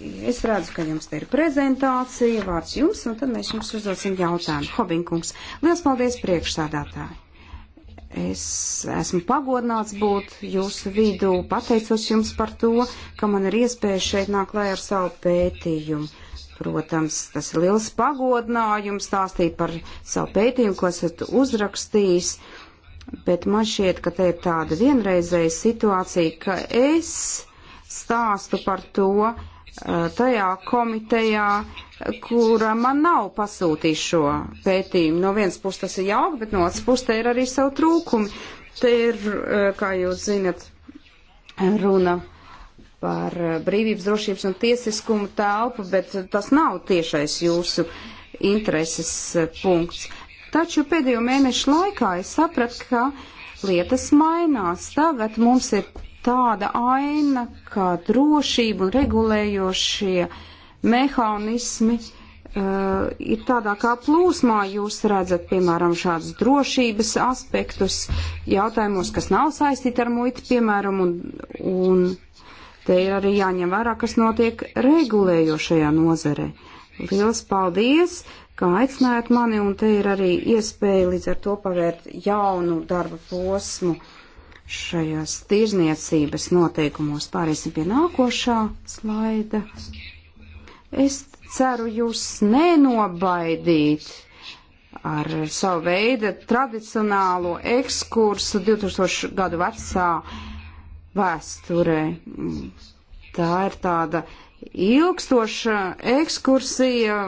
Es redzu, ka jums te ir prezentācija, vārds jums, un tad mēs jums uzdosim jautājumu. Hobinkungs, liels paldies priekšsādātāji! Es esmu pagodināts būt jūsu vidū, pateicos jums par to, ka man ir iespēja šeit nākt klāj ar savu pētījumu. Protams, tas ir liels pagodinājums stāstīt par savu pētījumu, ko esat uzrakstījis. Uh, Bet man šķiet, ka te ir tāda vienreizēja situācija, ka es stāstu par to uh, tajā komitejā, kura man nav pasūtījis šo pētījumu. No vienas puses tas ir jauki, bet no otras puses te ir arī savu trūkumi. Te ir, uh, kā jūs zinat, runa par uh, brīvības, drošības un tiesiskumu telpu, bet tas nav tiešais jūsu intereses punkts. Taču pēdējo mēnešu laikā es sapratu, ka lietas mainās. Tagad mums ir tāda aina, kā drošība un regulējošie mehānismi uh, ir tādā kā plūsmā. Jūs redzat, piemēram, šādus drošības aspektus jautājumos, kas nav saistīti ar muitu, piemēram, un, un te ir arī jāņem vērā, kas notiek regulējošajā nozarē. Liels paldies! Uh, kā aicinājāt mani, un te ir arī iespēja līdz ar to pavērt jaunu darba posmu šajās tirzniecības noteikumos. Pāriesim pie nākošā slaida. Es ceru jūs nenobaidīt ar savu veidu tradicionālo ekskursu 2000 gadu vecā vēsturē. Tā ir tāda ilgstoša ekskursija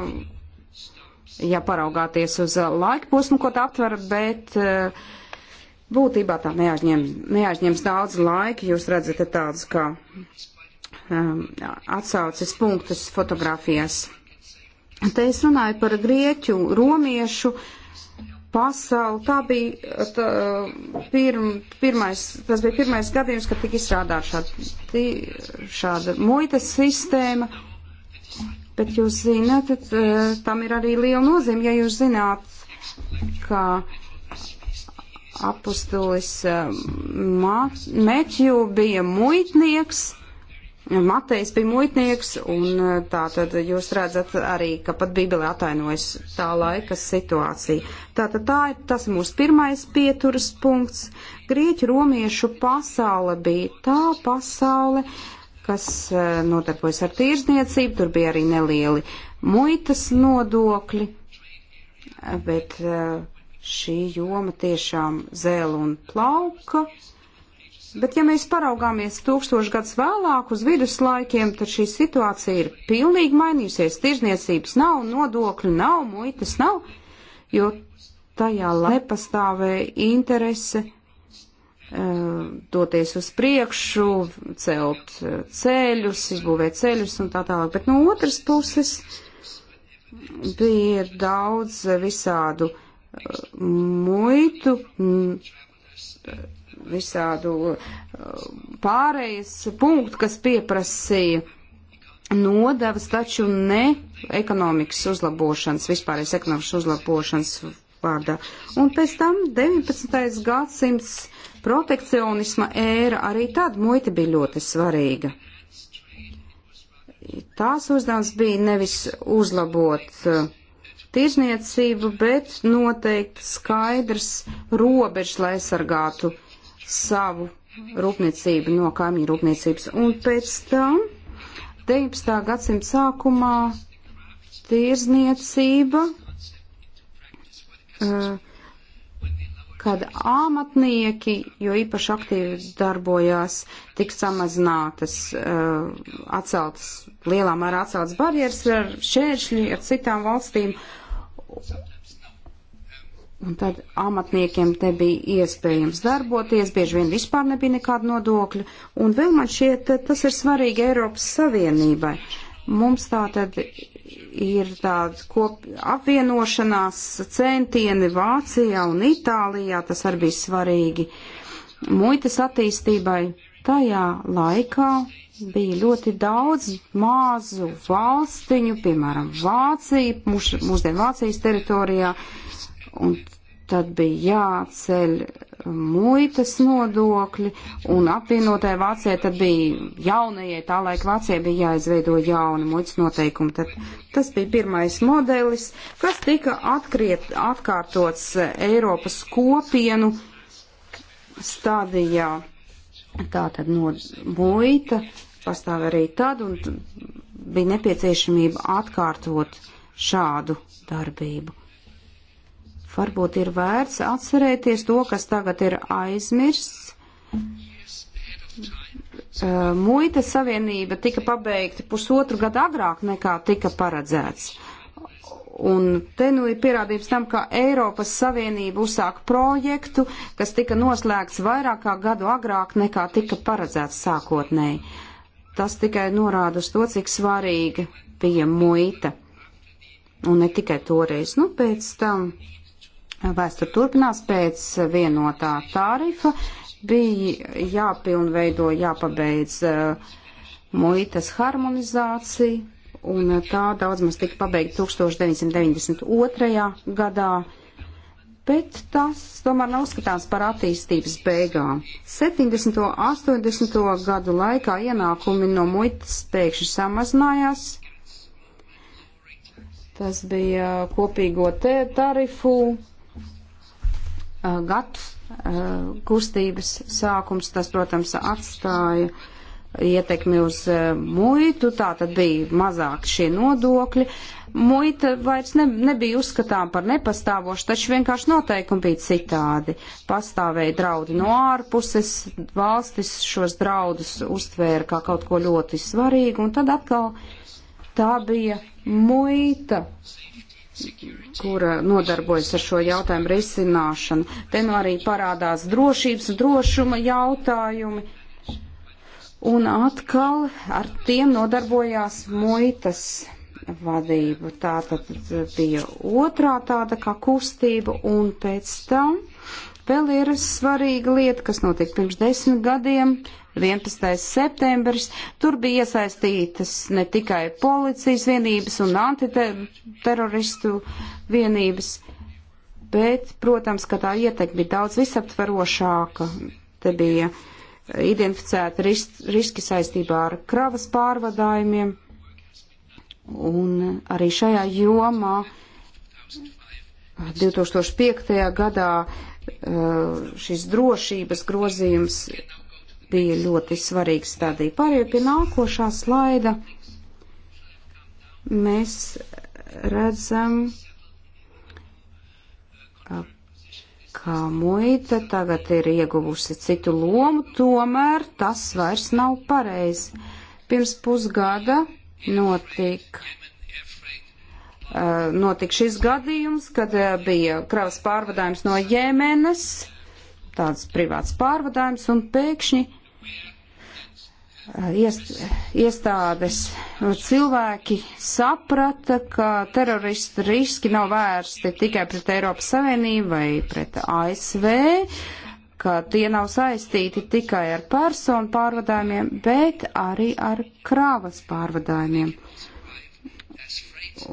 ja paraugāties uz eh, laika posmu, ko tā aptver, bet eh, būtībā tā neaizņem, neaizņems daudz laika. Jūs redzat tādus kā um, atsauces punktus fotografijās. Te es runāju par grieķu, romiešu pasauli. Tā bija tā, pirm, pirmais, tas bija pirmais gadījums, kad tika izstrādāta šāda, šāda muitas sistēma. Bet jūs zināt, e, tam ir arī liela nozīme, ja jūs zināt, ka apustulis e, Mēķju bija muitnieks, Matejs bija muitnieks, un e, tā tad jūs redzat arī, ka pat Bībele atainojas tā laika situācija. Tātad tā, tas ir mūsu pirmais pieturas punkts. Grieķu romiešu pasaule bija tā pasaule, uh, kas e, notarpojas ar tīrzniecību, tur bija arī nelieli muitas nodokļi, bet e, šī joma tiešām zēla un plauka. Bet ja mēs paraugāmies tūkstošu gadus vēlāk uz viduslaikiem, tad šī situācija ir pilnīgi mainījusies. Tirzniecības nav, nodokļu nav, muitas nav, jo tajā nepastāvēja interese Eh, doties uz priekšu, celt eh, ceļus, izbūvēt ceļus un tā tālāk. Bet no otras puses bija daudz visādu eh, muitu, visādu pārējas punktu, kas pieprasīja nodevas, taču ne ekonomikas uzlabošanas, vispārējais ekonomikas uzlabošanas vārdā. Un pēc tam 19. gadsimts protekcionisma ēra arī tad muita bija ļoti svarīga. Tās uzdevums bija nevis uzlabot uh, tirzniecību, bet noteikt skaidrs robežs, lai aizsargātu savu rūpniecību no kaimiņu rūpniecības. Un pēc tam 19. gadsimta sākumā tirzniecība Uh, kad āmatnieki, jo īpaši aktīvi darbojās, tik samazinātas, uh, atceltas, lielā mērā atceltas barjeras ar šēršļi, ar citām valstīm. Un tad amatniekiem te bija iespējams darboties, bieži vien vispār nebija nekāda nodokļa. Un vēl man šķiet, tas ir svarīgi Eiropas Savienībai. Mums tā tad ir tāds kop, apvienošanās centieni Vācijā un Itālijā, tas arī bija svarīgi muitas attīstībai. Tajā laikā bija ļoti daudz mazu valstiņu, piemēram, Vācija, mūs, mūsdien Vācijas teritorijā, un tad bija jāceļ muitas nodokļi, un apvienotai Vācijai tad bija jaunajai, tā laika Vācijai bija jāizveido jauni muitas noteikumi. Tad tas bija pirmais modelis, kas tika atkriet, atkārtots Eiropas kopienu stadijā. Tā tad no muita pastāv arī tad, un bija nepieciešamība atkārtot šādu darbību. Varbūt ir vērts atcerēties to, kas tagad ir aizmirsts. Muita savienība tika pabeigta pusotru gadu agrāk nekā tika paredzēts. Un te nu ir pierādījums tam, ka Eiropas Savienība uzsāk projektu, kas tika noslēgts vairāk kā gadu agrāk nekā tika paredzēts sākotnēji. Tas tikai norāda uz to, cik svarīga bija muita. Un ne tikai toreiz, nu pēc tam Vēsture turpinās pēc vienotā tarifa. Bija jāpilnveido, jāpabeidz uh, muitas harmonizācija, un uh, tā daudz maz tika pabeigta 1992. gadā, bet tas tomēr nav skatāms par attīstības beigām. 70. un 80. gadu laikā ienākumi no muitas pēkšņi samazinājās. Tas bija kopīgo tarifu gads kustības sākums, tas, protams, atstāja ietekmi uz muitu, tā tad bija mazāk šie nodokļi. Muita vairs ne, nebija uzskatām par nepastāvošu, taču vienkārši noteikumi bija citādi. Pastāvēja draudi no ārpuses, valstis šos draudus uztvēra kā kaut ko ļoti svarīgu, un tad atkal tā bija muita kura nodarbojas ar šo jautājumu risināšanu. Te nu arī parādās drošības un drošuma jautājumi. Un atkal ar tiem nodarbojās muitas vadību. Tā tad bija otrā tāda kā kustība, un pēc tam Vēl ir svarīga lieta, kas notika pirms desmit gadiem, 11. septembris. Tur bija iesaistītas ne tikai policijas vienības un antiteroristu vienības, bet, protams, ka tā ietekme bija daudz visaptverošāka. Te bija identificēta ris riski saistībā ar kravas pārvadājumiem, un arī šajā jomā 2005. gadā Eh, šis drošības grozījums bija ļoti svarīgs stadija. Pārējot pie nākošā slaida, mēs redzam, eh, kā muita tagad ir ieguvusi citu lomu, tomēr tas vairs nav pareizi. Pirms pusgada notika Eh, notika šis gadījums, kad eh, bija kravas pārvadājums no Jēmenes, tāds privāts pārvadājums, un pēkšņi eh, iest, iestādes cilvēki saprata, ka teroristu riski nav vērsti tikai pret Eiropas Savienību vai pret ASV, ka tie nav saistīti tikai ar personu pārvadājumiem, bet arī ar kravas pārvadājumiem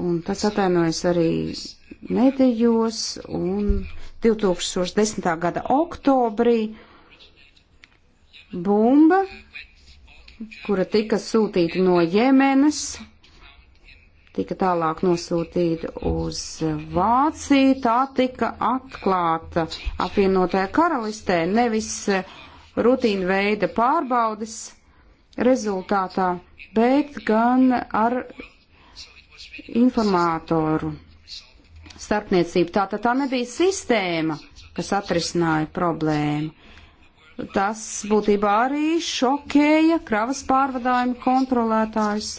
Un tas atainojas arī medijos un 2010. gada oktobrī bumba, kura tika sūtīta no Jemenes, tika tālāk nosūtīta uz Vāciju, tā tika atklāta apvienotajā karalistē, nevis rutīna veida pārbaudes rezultātā, bet gan ar informātoru starpniecību. Tātad tā nebija sistēma, kas atrisināja problēmu. Tas būtībā arī šokēja kravas pārvadājumu kontrolētājs,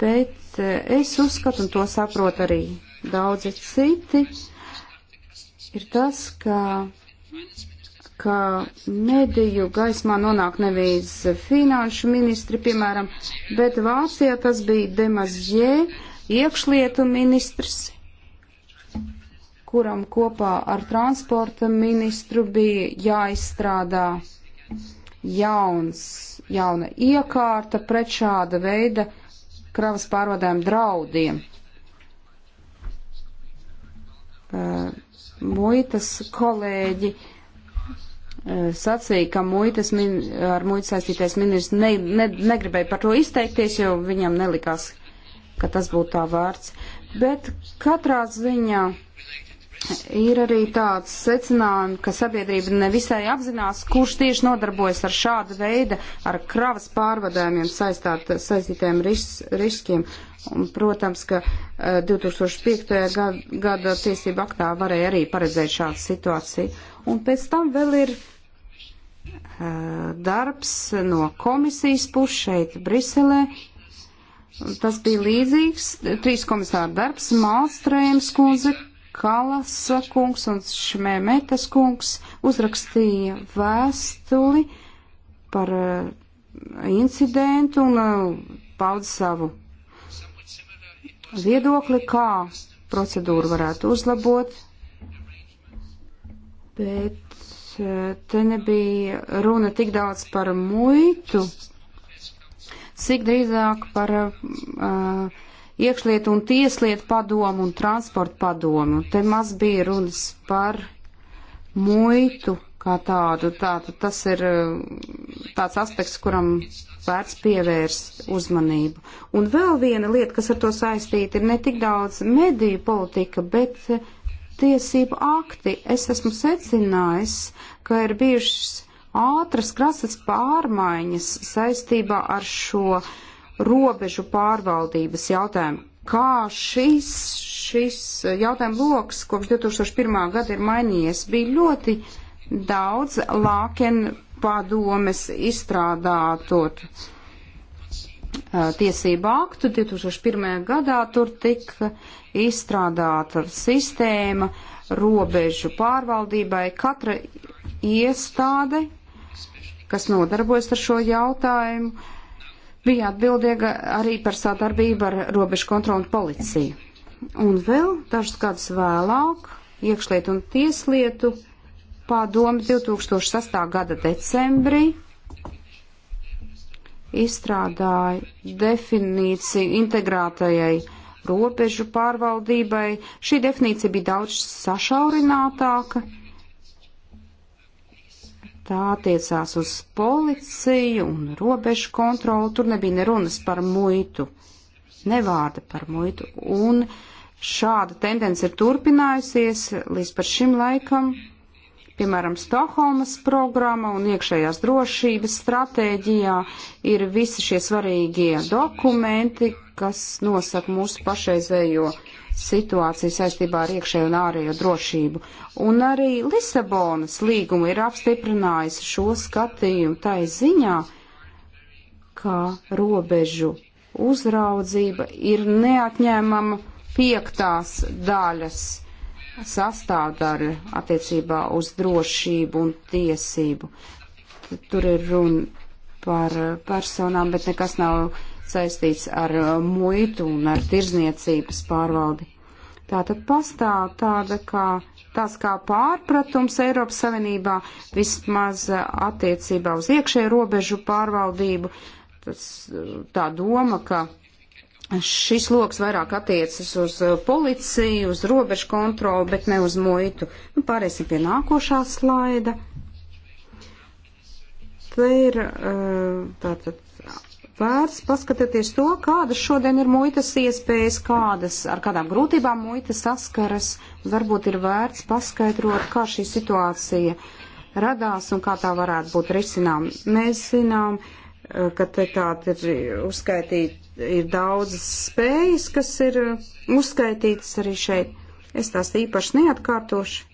bet eh, es uzskatu, un to saprot arī daudzi citi, ir tas, ka, ka mediju gaismā nonāk nevis finanšu ministri, piemēram, bet Vācijā tas bija Demazjē iekšlietu ministrs, kuram kopā ar transporta ministru bija jāizstrādā jauns, jauna iekārta pret šāda veida kravas pārvadājumu draudiem. Eh, muitas kolēģi eh, sacīja, ka muitas min, ar muitas saistītais ministrs ne, ne, negribēja par to izteikties, jo viņam nelikās, ka tas būtu tā vērts. Bet katrā ziņā ir arī tāds secinājums, ka sabiedrība nevisai apzinās, kurš tieši nodarbojas ar šādu veidu, ar kravas pārvadājumiem saistāt, saistītiem ris, riskiem. Un, protams, ka 2005. E, gada, gada tiesība aktā varēja arī paredzēt šādu situāciju. Un pēc tam vēl ir e, darbs no komisijas puses šeit Briselē Tas bija līdzīgs. Trīs komisāra darbs - Mālstrējums kundze, Kalas kungs un Šmēmetas kungs uzrakstīja vēstuli par uh, incidentu un uh, paudz savu viedokli, kā procedūru varētu uzlabot, bet uh, te nebija runa tik daudz par muitu cik drīzāk par uh, iekšlietu un tieslietu padomu un transportu padomu. Te maz bija runas par muitu kā tādu. Tātad tas ir uh, tāds aspekts, kuram vērts pievērst uzmanību. Un vēl viena lieta, kas ar to saistīta, ir ne tik daudz mediju politika, bet uh, tiesību akti. Es esmu secinājis, ka ir bijušas ātras krasas pārmaiņas saistībā ar šo robežu pārvaldības jautājumu. Kā šis, šis jautājums loks kopš 2001. gada ir mainījies, bija ļoti daudz lāken padomes izstrādātot tiesību aktu. 2001. gadā tur tika izstrādāta sistēma robežu pārvaldībai. Katra iestāde kas nodarbojas ar šo jautājumu, bija atbildīga arī par sadarbību ar robežu kontrolu un policiju. Un vēl dažus gadus vēlāk iekšlietu un tieslietu padomu 2008. gada decembrī izstrādāja definīciju integrētajai robežu pārvaldībai. Šī definīcija bija daudz sašaurinātāka Tā attiecās uz policiju un robežu kontroli. Tur nebija nerunas par muitu, nevārda par muitu. Un šāda tendence ir turpinājusies līdz par šim laikam. Piemēram, Stokholmas programma un iekšējās drošības stratēģijā ir visi šie svarīgie dokumenti, kas nosaka mūsu pašreizējo situāciju saistībā ar iekšējo un ārējo drošību. Un arī Lisabonas līguma ir apstiprinājusi šo skatījumu tai ziņā, ka robežu uzraudzība ir neatņēmama piektās daļas sastāvdaļa attiecībā uz drošību un tiesību. Tur ir runa par personām, bet nekas nav saistīts ar uh, muitu un ar tirzniecības pārvaldi. Tātad pastāv tāda kā, tās kā pārpratums Eiropas Savienībā vismaz uh, attiecībā uz iekšēju robežu pārvaldību. Tas, uh, tā doma, ka šis loks vairāk attiecas uz policiju, uz robežu kontroli, bet ne uz muitu. Nu, pārēsim pie nākošā slaida. Te ir tātad vērts paskatīties to, kādas šodien ir muitas iespējas, kādas, ar kādām grūtībām muita saskaras. Varbūt ir vērts paskaidrot, kā šī situācija radās un kā tā varētu būt risinām. Mēs zinām, eh, ka te tāda ir uzskaitīta, ir daudzas spējas, kas ir eh, uzskaitītas arī šeit. Es tās īpaši neatkārtošu,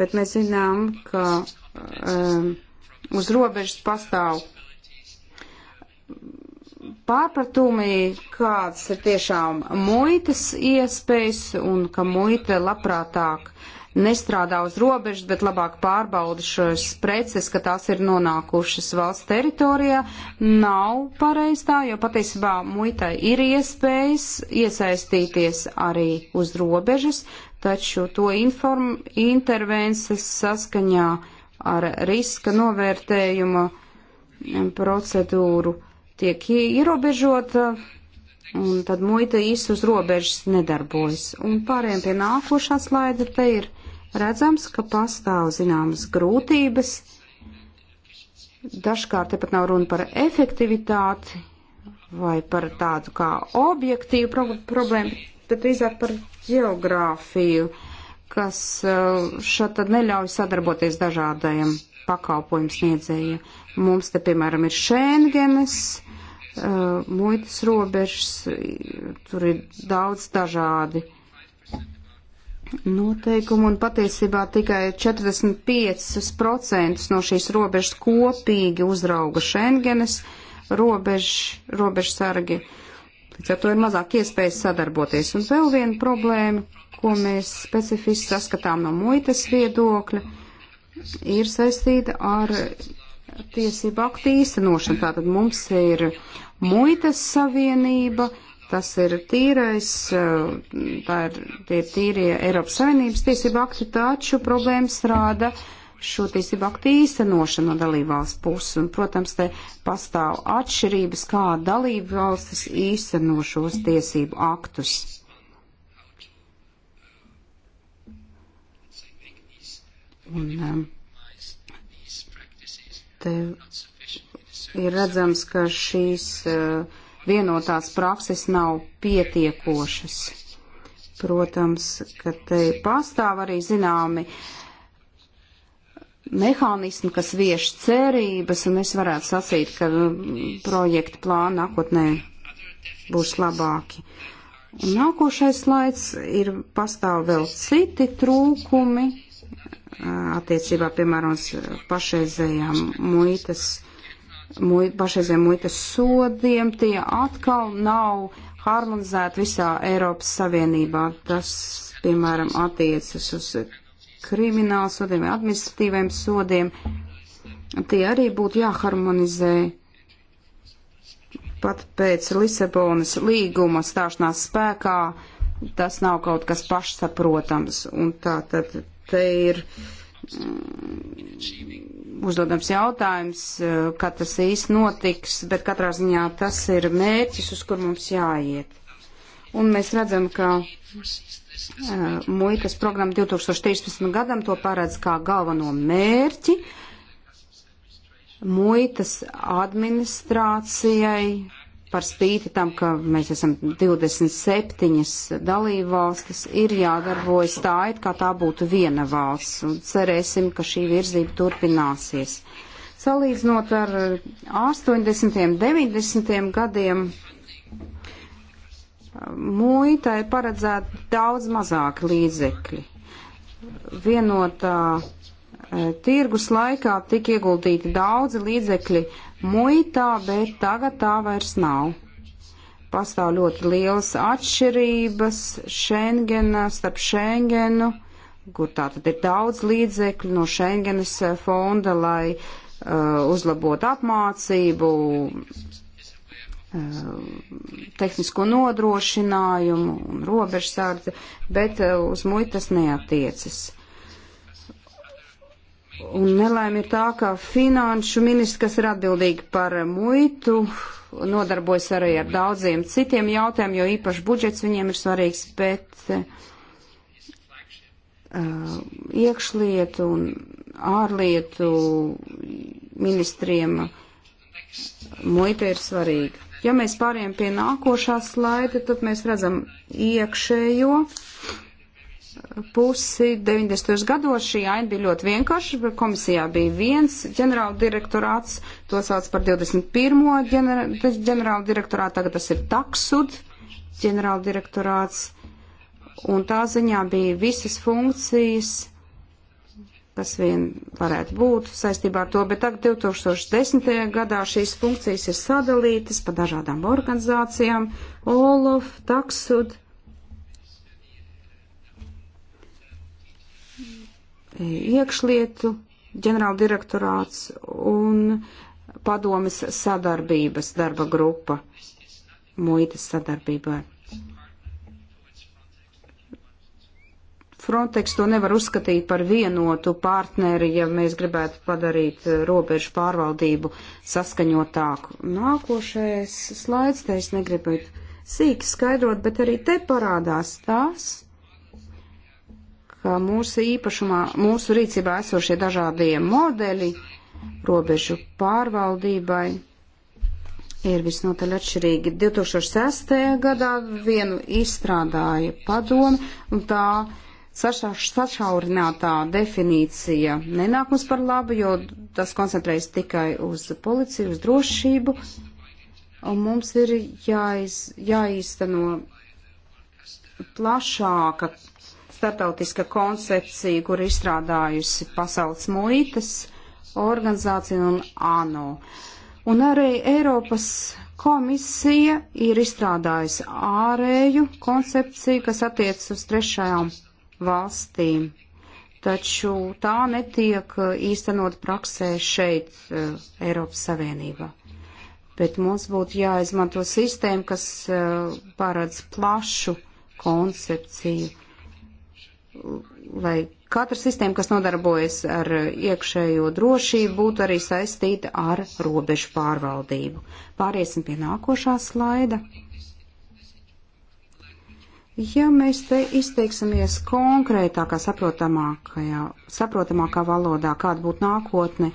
bet mēs zinām, ka um, uz robežas pastāv pārpratumi, kāds ir tiešām muitas iespējas un ka muita labprātāk nestrādā uz robežas, bet labāk pārbauda šos preces, ka tās ir nonākušas valsts teritorijā, nav pareistā, jo patiesībā muitai ir iespējas iesaistīties arī uz robežas, taču to inform, intervences saskaņā ar riska novērtējuma procedūru tiek ierobežota, un tad muita īsti uz robežas nedarbojas. Un pārējiem pie nākošā slaida te ir redzams, ka pastāv zināmas grūtības. Dažkārt te pat nav runa par efektivitāti vai par tādu kā objektīvu pro problēmu, bet drīzāk par geogrāfiju, kas eh, šad tad neļauj sadarboties dažādajiem pakalpojumu sniedzējiem. Mums te, piemēram, ir Šēngenes uh, muitas robežas, tur ir daudz dažādi noteikumi, un patiesībā tikai 45% no šīs robežas kopīgi uzrauga Schengenes robež, robežsargi. Līdz ar to ir mazāk iespējas sadarboties. Un vēl viena problēma, ko mēs specifiski saskatām no muitas viedokļa, ir saistīta ar tiesību aktu īstenošanu. Tātad mums ir muitas savienība, tas ir tīrais, eh, tā ir, tie ir tīrie Eiropas Savienības tiesību akti, taču problēmas rāda šo tiesību aktu īstenošanu no dalībvalsts puses. Un, protams, te pastāv atšķirības, kā dalībvalstis īsteno šos tiesību aktus. Un, eh, te ir redzams, ka šīs eh, vienotās prakses nav pietiekošas. Protams, ka te pastāv arī zināmi mehānismi, kas vieš cerības, un es varētu sacīt, ka mm, projekta plāna nākotnē būs labāki. Un nākošais slaids ir pastāv vēl citi trūkumi eh, attiecībā, piemēram, uz pašreizējām muitas muit, pašreiziem muitas sodiem, tie atkal nav harmonizēti visā Eiropas Savienībā. Tas, piemēram, attiecas uz kriminālu sodiem, administratīviem sodiem. Tie arī būtu jāharmonizē pat pēc Lisabonas līguma stāšanās spēkā. Tas nav kaut kas pašsaprotams, un tā tad te ir. Mm, uzdodams jautājums, eh, kad tas īsti notiks, bet katrā ziņā tas ir mērķis, uz kur mums jāiet. Un mēs redzam, ka uh, muitas programma 2013. gadam to paredz kā galveno mērķi muitas administrācijai par spīti tam, ka mēs esam 27 dalībvalstis, ir jādarbojas tā, it kā tā būtu viena valsts, un cerēsim, ka šī virzība turpināsies. Salīdzinot ar 80. un 90. gadiem, muitai paredzēta daudz mazāk līdzekļi. Vienotā uh, Eh, tirgus laikā tika ieguldīti daudzi līdzekļi muitā, bet tagad tā vairs nav. Pastāv ļoti lielas atšķirības Schengena starp Schengenu, kur tātad ir daudz līdzekļu no Schengenas fonda, lai uh, uzlabotu apmācību, eh, tehnisko nodrošinājumu un robežsardzi, bet uz muitas neatiecas. Un nelēma ir tā, ka finanšu ministrs, kas ir atbildīgi par muitu, nodarbojas arī ar daudziem citiem jautājumiem, jo īpaši budžets viņiem ir svarīgs, bet uh, iekšlietu un ārlietu ministriem muita ir svarīga. Ja mēs pāriem pie nākošā slaida, tad mēs redzam iekšējo pusi 90. gados šī aina bija ļoti vienkārša. Komisijā bija viens ģenerāldirektorāts, to sauc par 21. ģenerāldirektorātu, tagad tas ir taksud ģenerāldirektorāts. Un tā ziņā bija visas funkcijas, kas vien varētu būt saistībā ar to, bet tagad 2010. gadā šīs funkcijas ir sadalītas pa dažādām organizācijām. Olaf, taksud iekšlietu ģenerāldirektorāts un padomis sadarbības darba grupa muitas sadarbībā. Frontex to nevar uzskatīt par vienotu partneri, ja mēs gribētu padarīt robežu pārvaldību saskaņotāku. Nākošais slaids, te es negribu sīki skaidrot, bet arī te parādās tās ka mūsu īpašumā, mūsu rīcībā esošie dažādie modeļi robežu pārvaldībai ir visnotaļ atšķirīgi. 2006. gadā vienu izstrādāja padomi, un tā saša, sašaurinātā definīcija nenāk mums par labu, jo tas koncentrējas tikai uz policiju, uz drošību, un mums ir jāiz, jāizteno plašāka starptautiska koncepcija, kur izstrādājusi Pasaules muitas organizācija un ANO. Un arī Eiropas komisija ir izstrādājusi ārēju koncepciju, kas attiec uz trešajām valstīm. Taču tā netiek uh, īstenot praksē šeit, uh, Eiropas Savienībā. Bet mums būtu jāizmanto sistēma, kas uh, paredz plašu koncepciju lai katra sistēma, kas nodarbojas ar iekšējo drošību, būtu arī saistīta ar robežu pārvaldību. Pāriesim pie nākošā slaida. Ja mēs te izteiksimies konkrētākā, saprotamākajā, saprotamākā valodā, kāda būtu nākotne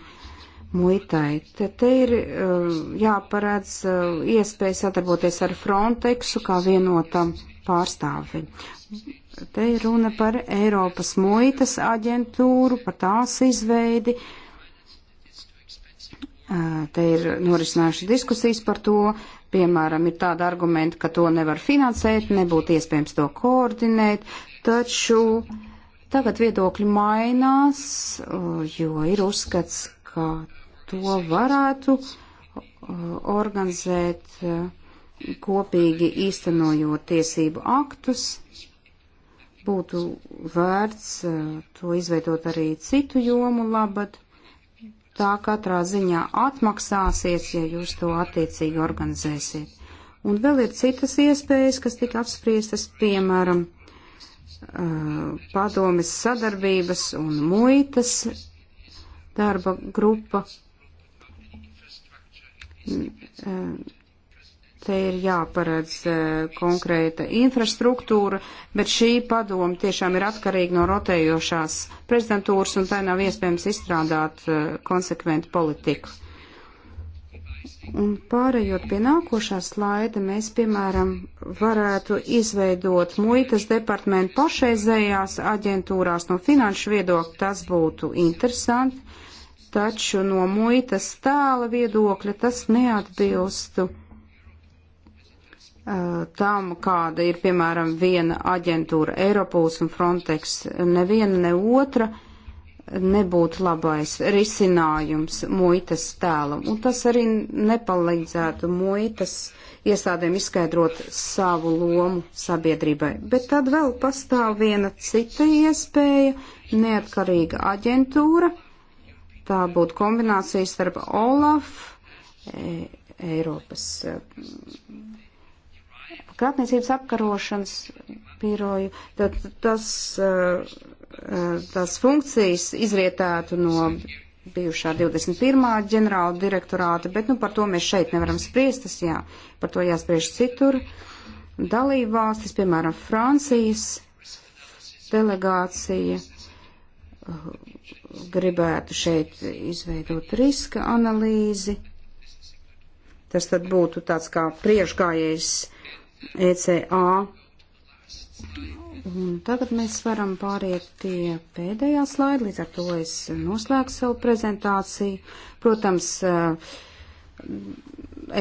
muitai, tad te ir uh, jāparedz uh, iespēja sadarboties ar Frontexu kā vienotam pārstāvi Te ir runa par Eiropas muitas aģentūru, par tās izveidi. Te ir norisinājuši diskusijas par to. Piemēram, ir tāda argumenta, ka to nevar finansēt, nebūtu iespējams to koordinēt, taču tagad viedokļi mainās, jo ir uzskats, ka to varētu organizēt kopīgi īstenojot tiesību aktus būtu vērts eh, to izveidot arī citu jomu labad. Tā katrā ziņā atmaksāsies, ja jūs to attiecīgi organizēsiet. Un vēl ir citas iespējas, kas tika apspriestas, piemēram, eh, padomis sadarbības un muitas darba grupa mm, eh, te ir jāparedz e, konkrēta infrastruktūra, bet šī padoma tiešām ir atkarīga no rotējošās prezidentūras un tai nav iespējams izstrādāt e, konsekventu politiku. Un pārējot pie nākošā slaida, mēs, piemēram, varētu izveidot muitas departamentu pašreizējās aģentūrās no finanšu viedokļa. Tas būtu interesanti, taču no muitas tēla viedokļa tas neatbilstu Uh, tam, kāda ir, piemēram, viena aģentūra Eiropuls un Frontex, neviena ne otra nebūtu labais risinājums muitas tēlam. Un tas arī nepalīdzētu muitas iestādēm izskaidrot savu lomu sabiedrībai. Bet tad vēl pastāv viena cita iespēja - neatkarīga aģentūra. Tā būtu kombinācija starp OLAF, e, Eiropas krāpniecības apkarošanas biroju, tad tas, eh, eh, tas funkcijas izrietētu no bijušā 21. ģenerāla direktorāta, bet nu, par to mēs šeit nevaram spriest, tas jā, par to jāspriež citur. Dalība valstis, piemēram, Francijas delegācija eh, gribētu šeit izveidot riska analīzi. Tas tad būtu tāds kā priekšgājējs ECA. Un tagad mēs varam pāriet pie pēdējā slaida, līdz ar to es noslēgšu savu prezentāciju. Protams, eh,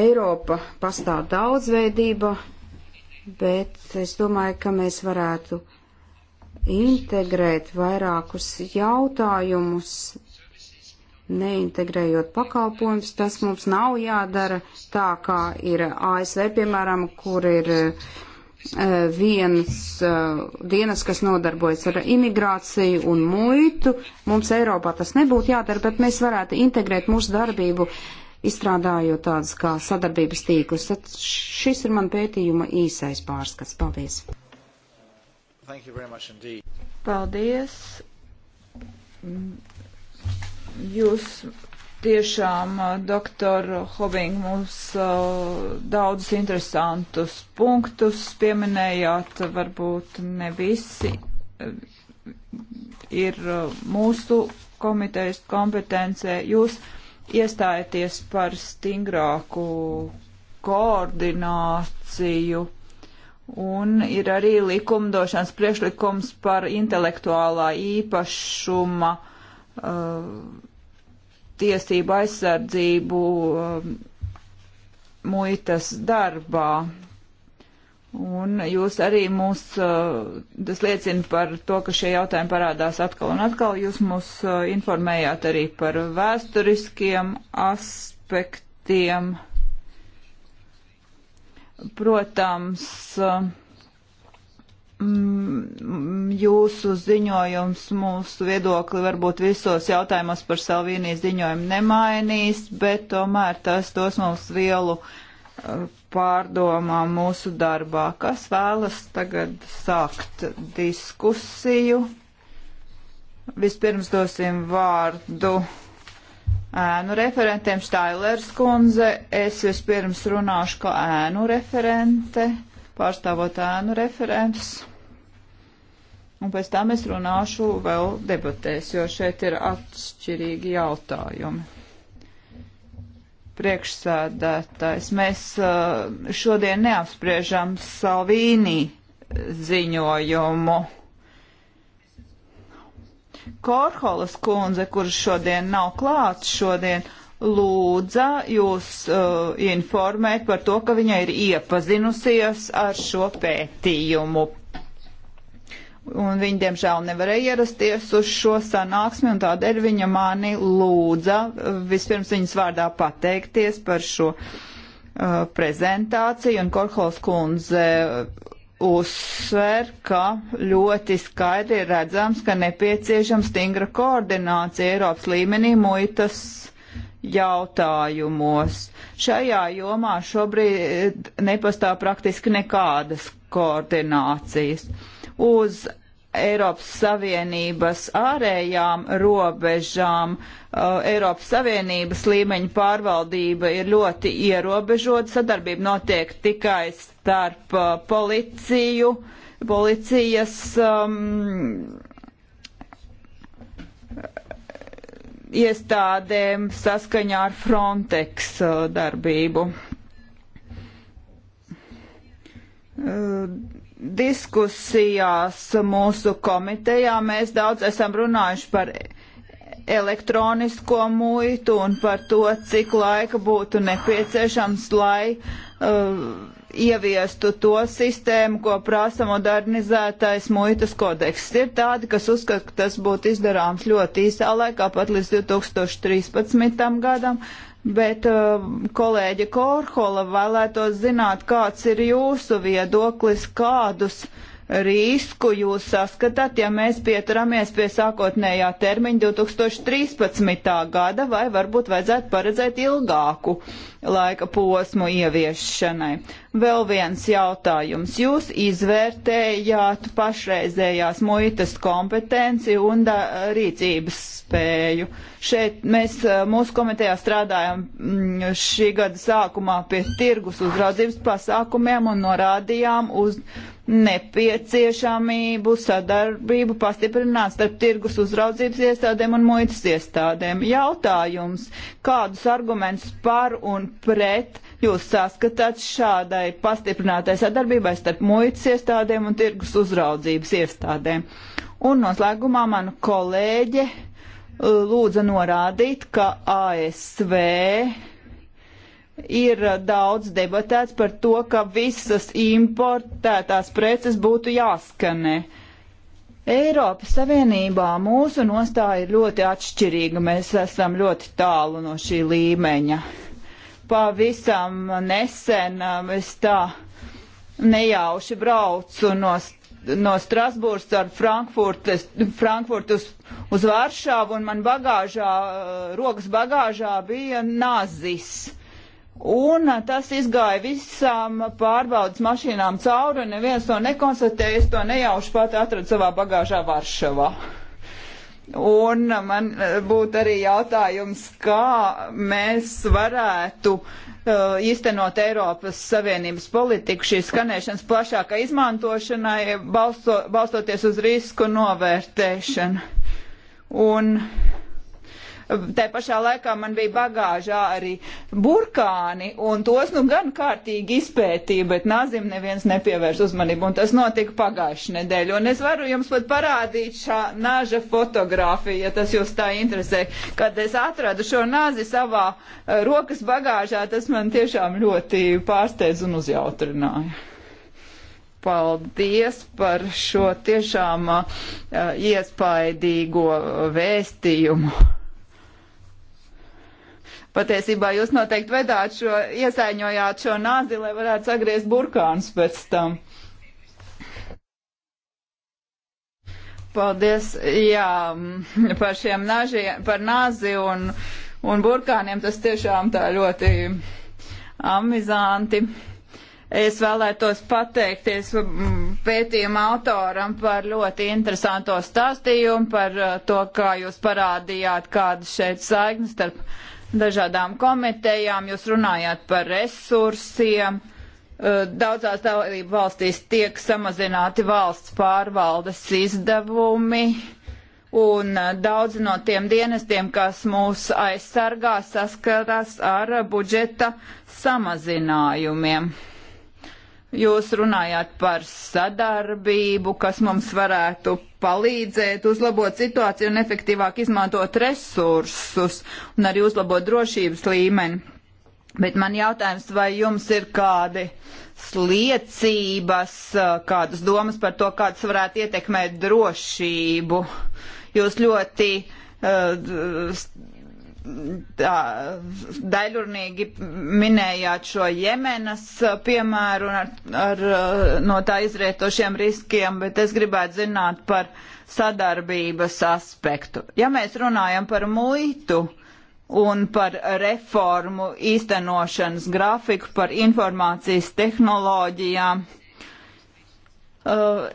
Eiropa pastāv daudzveidība, bet es domāju, ka mēs varētu integrēt vairākus jautājumus neintegrējot pakalpojumus. Tas mums nav jādara tā, kā ir ASV, piemēram, kur ir uh, viens uh, dienas, kas nodarbojas ar imigrāciju un muitu. Mums Eiropā tas nebūtu jādara, bet mēs varētu integrēt mūsu darbību, izstrādājot tādas kā sadarbības tīklus. Tad šis ir man pētījuma īsais pārskats. Paldies! Paldies! Jūs tiešām, doktor Hoving, mums uh, daudz interesantus punktus pieminējāt, varbūt ne visi ir mūsu komitejas kompetencē. Jūs iestājaties par stingrāku koordināciju un ir arī likumdošanas priešlikums par intelektuālā īpašuma uh, Uh, tiesību aizsardzību um, muitas darbā. Un jūs arī mūs, uh, tas liecina par to, ka šie jautājumi parādās atkal un atkal. Jūs mūs uh, informējāt arī par vēsturiskiem aspektiem. Protams, uh, Mm, mm, jūsu ziņojums, mūsu viedokli varbūt visos jautājumos par Salvīnijas ziņojumu nemainīs, bet tomēr tas dos mums vielu eh, pārdomām mūsu darbā. Kas vēlas tagad sākt diskusiju? Vispirms dosim vārdu ēnu referentiem Štailers kundze. Es vispirms runāšu kā ēnu referente, pārstāvot ēnu referentus. Un pēc tam es runāšu vēl debatēs, jo šeit ir atšķirīgi jautājumi. Priekšsēdētājs, mēs uh, šodien neapspriežam Salvīnī ziņojumu. Korholas kundze, kurš šodien nav klāts šodien, lūdza jūs uh, informēt par to, ka viņa ir iepazinusies ar šo pētījumu un viņa, diemžēl, nevarēja ierasties uz šo sanāksmi, un tādēļ viņa mani lūdza uh, vispirms viņas vārdā pateikties par šo uh, prezentāciju, un Korhols kundze uh, uzsver, ka ļoti skaidri ir redzams, ka nepieciešama stingra koordinācija Eiropas līmenī muitas jautājumos. Šajā jomā šobrīd nepastāv praktiski nekādas koordinācijas. Uh, uz Eiropas Savienības ārējām robežām. Uh, Eiropas Savienības līmeņa pārvaldība ir ļoti ierobežota. Sadarbība notiek tikai starp uh, policiju, policijas um, iestādēm saskaņā ar Frontex uh, darbību. Uh, diskusijās mūsu komitejā mēs daudz esam runājuši par elektronisko muitu un par to, cik laika būtu nepieciešams, lai uh, ieviestu to sistēmu, ko prasa modernizētais muitas kodeks. Ir tādi, kas uzskata, ka tas būtu izdarāms ļoti īsā laikā, pat līdz 2013. gadam. Uh, bet uh, kolēģe Korhola vēlētos zināt, kāds ir jūsu viedoklis, kādus uh, risku jūs saskatāt, ja mēs pieturamies pie sākotnējā termiņa 2013. gada, vai varbūt vajadzētu paredzēt ilgāku laika posmu ieviešanai? Vēl viens jautājums. Jūs izvērtējāt pašreizējās muitas kompetenci un da, rīcības spēju. Šeit mēs eh, mūsu komitejā strādājam mm, šī gada sākumā pie tirgus uzraudzības pasākumiem un norādījām uz nepieciešamību sadarbību pastiprināt starp tirgus uzraudzības iestādēm un muitas iestādēm. Jautājums, kādus argumentus par un pret jūs saskatāt šādai pastiprinātai sadarbībai starp muitas iestādēm un tirgus uzraudzības iestādēm? Un noslēgumā mana kolēģe eh, lūdza norādīt, ka ASV ir uh, daudz debatēts par to, ka visas importētās preces būtu jāskanē. Eiropas Savienībā mūsu nostāja ir ļoti atšķirīga, mēs esam ļoti tālu no šī līmeņa. Pavisam nesen um, es tā nejauši braucu no, no Strasbūras ar Frankfurtes, Frankfurt uz, uz Varšāvu un man bagāžā, uh, rokas bagāžā bija nazis Un tas izgāja visām pārbaudas mašīnām cauri, un neviens to nekonstatēja. Es to nejauši pat atradu savā bagāžā Varšavā. Un man būtu arī jautājums, kā mēs varētu uh, īstenot Eiropas Savienības politiku šīs skanēšanas plašākai izmantošanai, balsto, balstoties uz risku novērtēšanu. Un uh, Tā pašā laikā man bija bagāžā arī burkāni, un tos nu gan kārtīgi izpētīja, bet nazim neviens nepievērš uzmanību, un tas notika pagājušajā nedēļā. Un es varu jums pat parādīt šā naža fotografiju, ja tas jūs tā interesē. Kad es atradu šo nazi savā eh, rokas bagāžā, tas man tiešām ļoti pārsteidz un uzjautrināja paldies par šo tiešām uh, iespaidīgo eh, vēstījumu. Patiesībā jūs noteikti vedāt šo, iesaiņojāt šo nāzi, lai varētu sagriezt burkānus pēc tam. Paldies, jā, mm, par šiem nažiem, par nāzi un, un burkāniem tas tiešām tā ļoti amizanti. Es vēlētos pateikties mm, pētījuma autoram par ļoti interesanto stāstījumu, par uh, to, kā jūs parādījāt, kādas šeit saignes starp dažādām komitejām, jūs runājāt par resursiem. Daudzās dalību valstīs tiek samazināti valsts pārvaldes izdevumi, un daudzi no tiem dienestiem, kas mūs aizsargā, saskarās ar budžeta samazinājumiem. Jūs runājāt par sadarbību, kas mums varētu palīdzēt uzlabot situāciju un efektīvāk izmantot resursus un arī uzlabot drošības līmeni. Bet man jautājums, vai jums ir kādi sliecības, kādas domas par to, kādas varētu ietekmēt drošību? Jūs ļoti uh, tā, daļurnīgi minējāt šo Jemenas piemēru un ar, ar no tā izrietošiem riskiem, bet es gribētu zināt par sadarbības aspektu. Ja mēs runājam par muitu un par reformu īstenošanas grafiku, par informācijas tehnoloģijām, uh, Uh,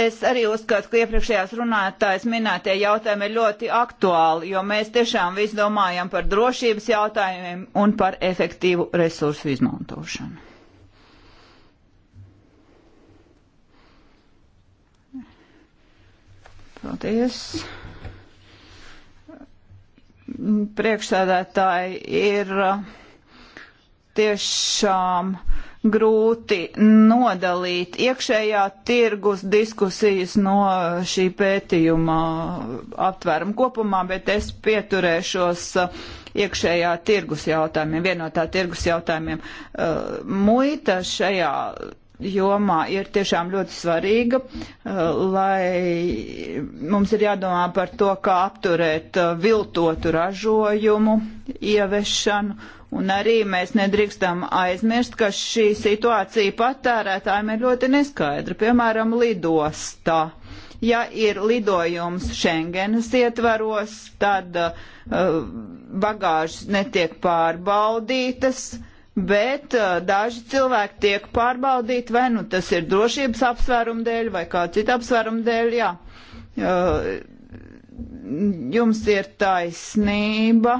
es arī uzskatu, ka iepriekšējās runātājas minētie jautājumi ir ļoti aktuāli, jo mēs tiešām visu domājam par drošības jautājumiem un par efektīvu resursu izmantošanu. Paldies. Priekšsēdētāji ir uh, tiešām. Uh, grūti nodalīt iekšējā tirgus diskusijas no šī pētījuma aptvērumu kopumā, bet es pieturēšos uh, iekšējā tirgus jautājumiem, vienotā tirgus jautājumiem. Uh, muita šajā jomā ir tiešām ļoti svarīga, uh, lai mums ir jādomā par to, kā apturēt uh, viltotu ražojumu, ieviešanu. Un arī mēs nedrīkstam aizmirst, ka šī situācija patērētājiem ir ļoti neskaidra. Piemēram, lidostā. Ja ir lidojums Schengenas ietvaros, tad uh, bagāžas netiek pārbaudītas, uh, bet uh, daži cilvēki tiek pārbaudīti, vai nu tas ir drošības apsvērumu dēļ, vai kā cita apsvērumu dēļ, jā. Uh, jums ir taisnība,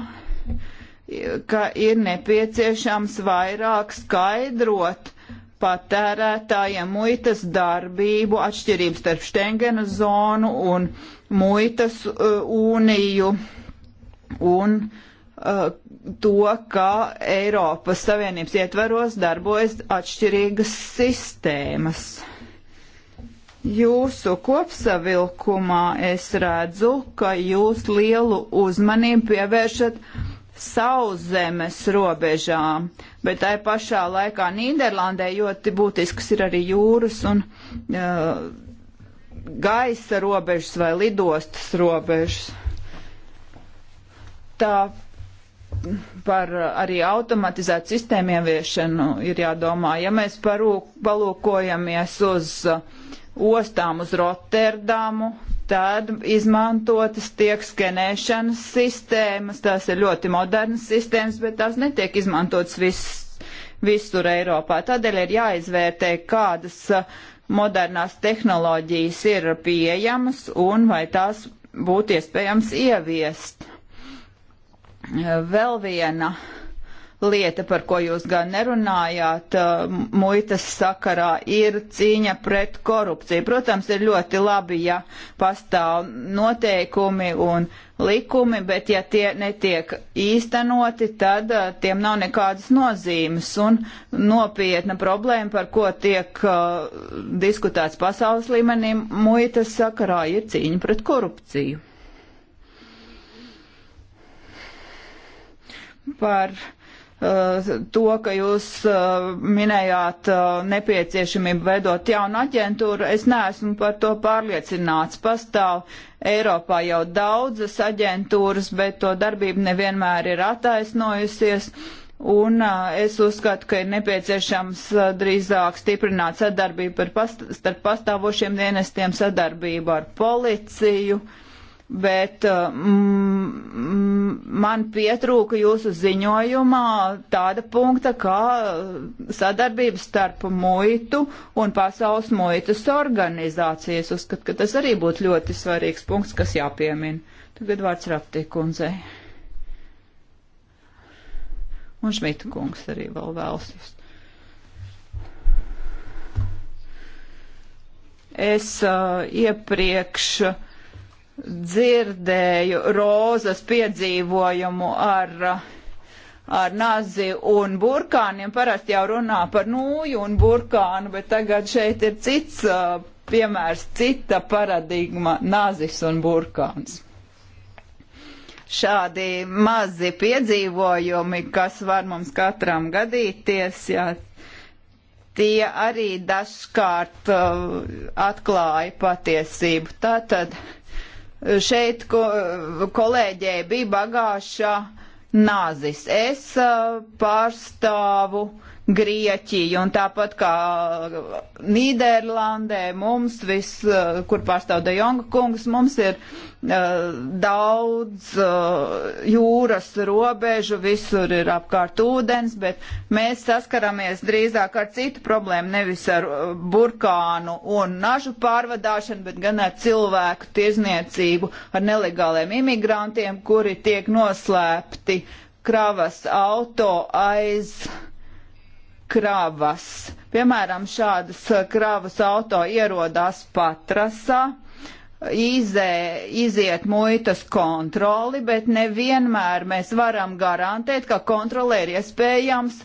ka ir nepieciešams vairāk skaidrot patērētājiem muitas darbību, atšķirības starp Schengena zonu un muitas uh, uniju. Un, uh, to, ka Eiropas Savienības ietvaros darbojas atšķirīgas sistēmas. Jūsu kopsavilkumā es redzu, ka jūs lielu uzmanību pievēršat sauszemes robežām, bet tai pašā laikā Nīderlandē ļoti būtisks ir arī jūras un uh, gaisa robežas vai lidostas robežas. Tāpēc par eh, arī automatizētu sistēmu ieviešanu ir jādomā. Ja mēs parūk, palūkojamies uz eh, ostām uz Rotterdamu, tad izmantotas tiek skenēšanas sistēmas, tās ir ļoti modernas sistēmas, bet tās netiek izmantotas vis, visur Eiropā. Tādēļ ir jāizvērtē, kādas eh, modernās tehnoloģijas ir pieejamas un vai tās būtu iespējams ieviest. Vēl viena lieta, par ko jūs gan nerunājāt, eh, muitas sakarā ir cīņa pret korupciju. Protams, ir ļoti labi, ja pastāv noteikumi un likumi, bet ja tie netiek īstenoti, tad eh, tiem nav nekādas nozīmes. Un nopietna problēma, par ko tiek uh, diskutēts pasaules līmenī, muitas sakarā ir cīņa pret korupciju. par uh, to, ka jūs uh, minējāt uh, nepieciešamību veidot jaunu aģentūru. Es neesmu par to pārliecināts. Pastāv Eiropā jau daudzas aģentūras, bet to darbība nevienmēr ir attaisnojusies. Un uh, es uzskatu, ka ir nepieciešams uh, drīzāk stiprināt sadarbību past starp pastāvošiem dienestiem, sadarbību ar policiju. Uh, bet mm, man pietrūka jūsu ziņojumā tāda punkta, kā uh, sadarbības starp muitu un pasaules muitas organizācijas. Uzskat, ka tas arī būtu ļoti svarīgs punkts, kas jāpiemin. Tagad vārds Raptī kundzei. Un Šmita kungs arī vēl vēlas jūs. Es uh, iepriekš uh, dzirdēju rozas piedzīvojumu ar, ar nazi un burkāniem. Parasti jau runā par nūju un burkānu, bet tagad šeit ir cits piemērs, cita paradigma - nazis un burkāns. Šādi mazi piedzīvojumi, kas var mums katram gadīties, jā, tie arī dažkārt uh, atklāja patiesību. Tātad. Tā šeit ko, kolēģei bija bagāša nāzis. Es eh, pārstāvu Grieķiju un tāpat kā Nīderlandē mums viss, eh, kur pārstāv De Jonga kungs, mums ir uh, daudz uh, jūras robežu, visur ir apkārt ūdens, bet mēs saskaramies drīzāk ar citu problēmu, nevis ar uh, burkānu un nažu pārvadāšanu, bet gan ar cilvēku tirzniecību, ar nelegāliem imigrantiem, kuri tiek noslēpti kravas auto aiz kravas. Piemēram, šādas uh, kravas auto ierodās patrasā, izē, iziet muitas kontroli, bet nevienmēr mēs varam garantēt, ka kontrolē ir iespējams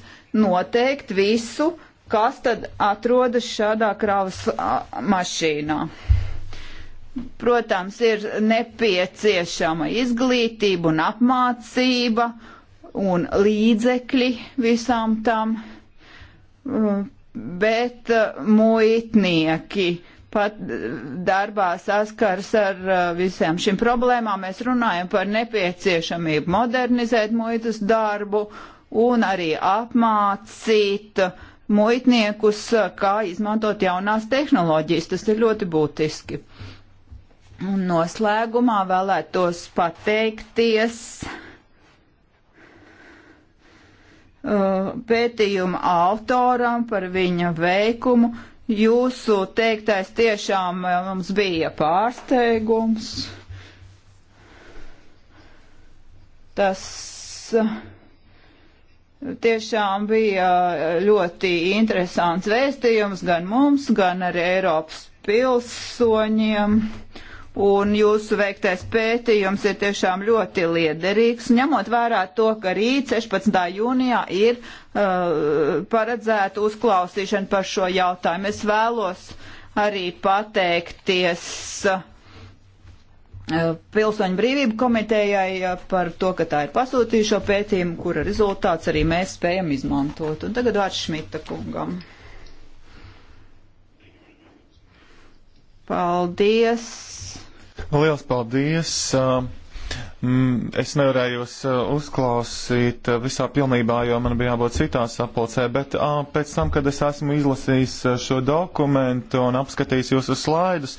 noteikt visu, kas tad atrodas šādā kravas mašīnā. Protams, ir nepieciešama izglītība un apmācība un līdzekļi visām tam bet uh, muitnieki pat uh, darbā saskars ar uh, visām šīm problēmām. Mēs runājam par nepieciešamību modernizēt muitas darbu un arī apmācīt muitniekus, kā izmantot jaunās tehnoloģijas. Tas ir ļoti būtiski. Un noslēgumā vēlētos pateikties uh, Uh, pētījuma autoram par viņa veikumu. Jūsu teiktais tiešām uh, mums bija pārsteigums. Tas uh, tiešām bija ļoti interesants vēstījums gan mums, gan arī Eiropas pilsoņiem. Uh, Un jūsu veiktais pētījums ir tiešām ļoti liederīgs, ņemot vērā to, ka rīt 16. jūnijā ir uh, paredzēta uzklausīšana par šo jautājumu. Es vēlos arī pateikties uh, Pilsoņu brīvību komitejai uh, par to, ka tā ir pasūtījušo pētījumu, kura rezultāts arī mēs spējam izmantot. Un tagad vārds Šmita kungam. Paldies! Liels paldies! Uh, mm, es nevarēju uh, uzklausīt uh, visā pilnībā, jo man bija jābūt citās apulcē, bet pēc tam, kad es esmu izlasījis šo dokumentu un apskatījis jūsu slaidus,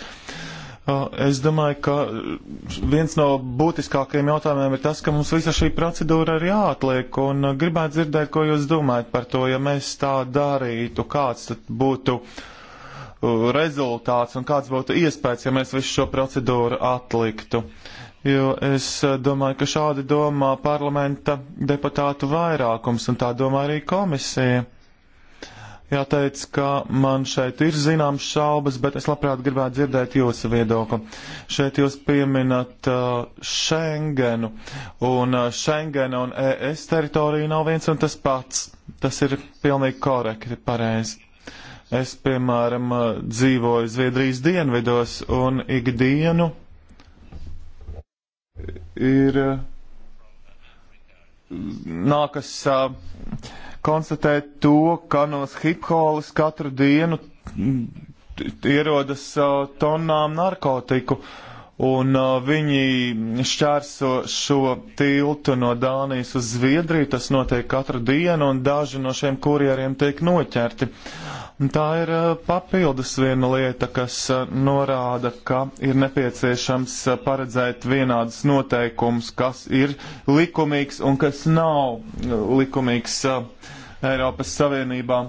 Es domāju, ka viens no būtiskākajiem jautājumiem ir tas, ka mums visa šī procedūra ir jāatliek, un gribētu dzirdēt, ko jūs domājat par to, ja mēs tā darītu, kāds tad būtu uh, rezultāts un kāds būtu iespējas, ja mēs visu šo procedūru atliktu. Jo es eh, domāju, ka šādi domā parlamenta deputātu vairākums un tā domā arī komisija. Jāteic, ka man šeit ir zināms šaubas, bet es labprāt gribētu dzirdēt jūsu viedokli. Šeit jūs pieminat uh, Schengenu, un uh, Schengena un ES teritorija nav viens un tas pats. Tas ir pilnīgi korekti, pareizi. Es, piemēram, dzīvoju Zviedrijas dienvidos un ikdienu ir nākas konstatēt to, ka no hipholas katru dienu ierodas tonām narkotiku. Uh, un uh, viņi šķērso šo tiltu no Dānijas uz Zviedriju. Tas notiek katru dienu, un daži no šiem kurjeriem tiek noķerti. Un tā ir uh, papildus viena lieta, kas uh, norāda, ka ir nepieciešams uh, paredzēt vienādas noteikumus, kas ir likumīgs un kas nav uh, likumīgs uh, Eiropas Savienībā.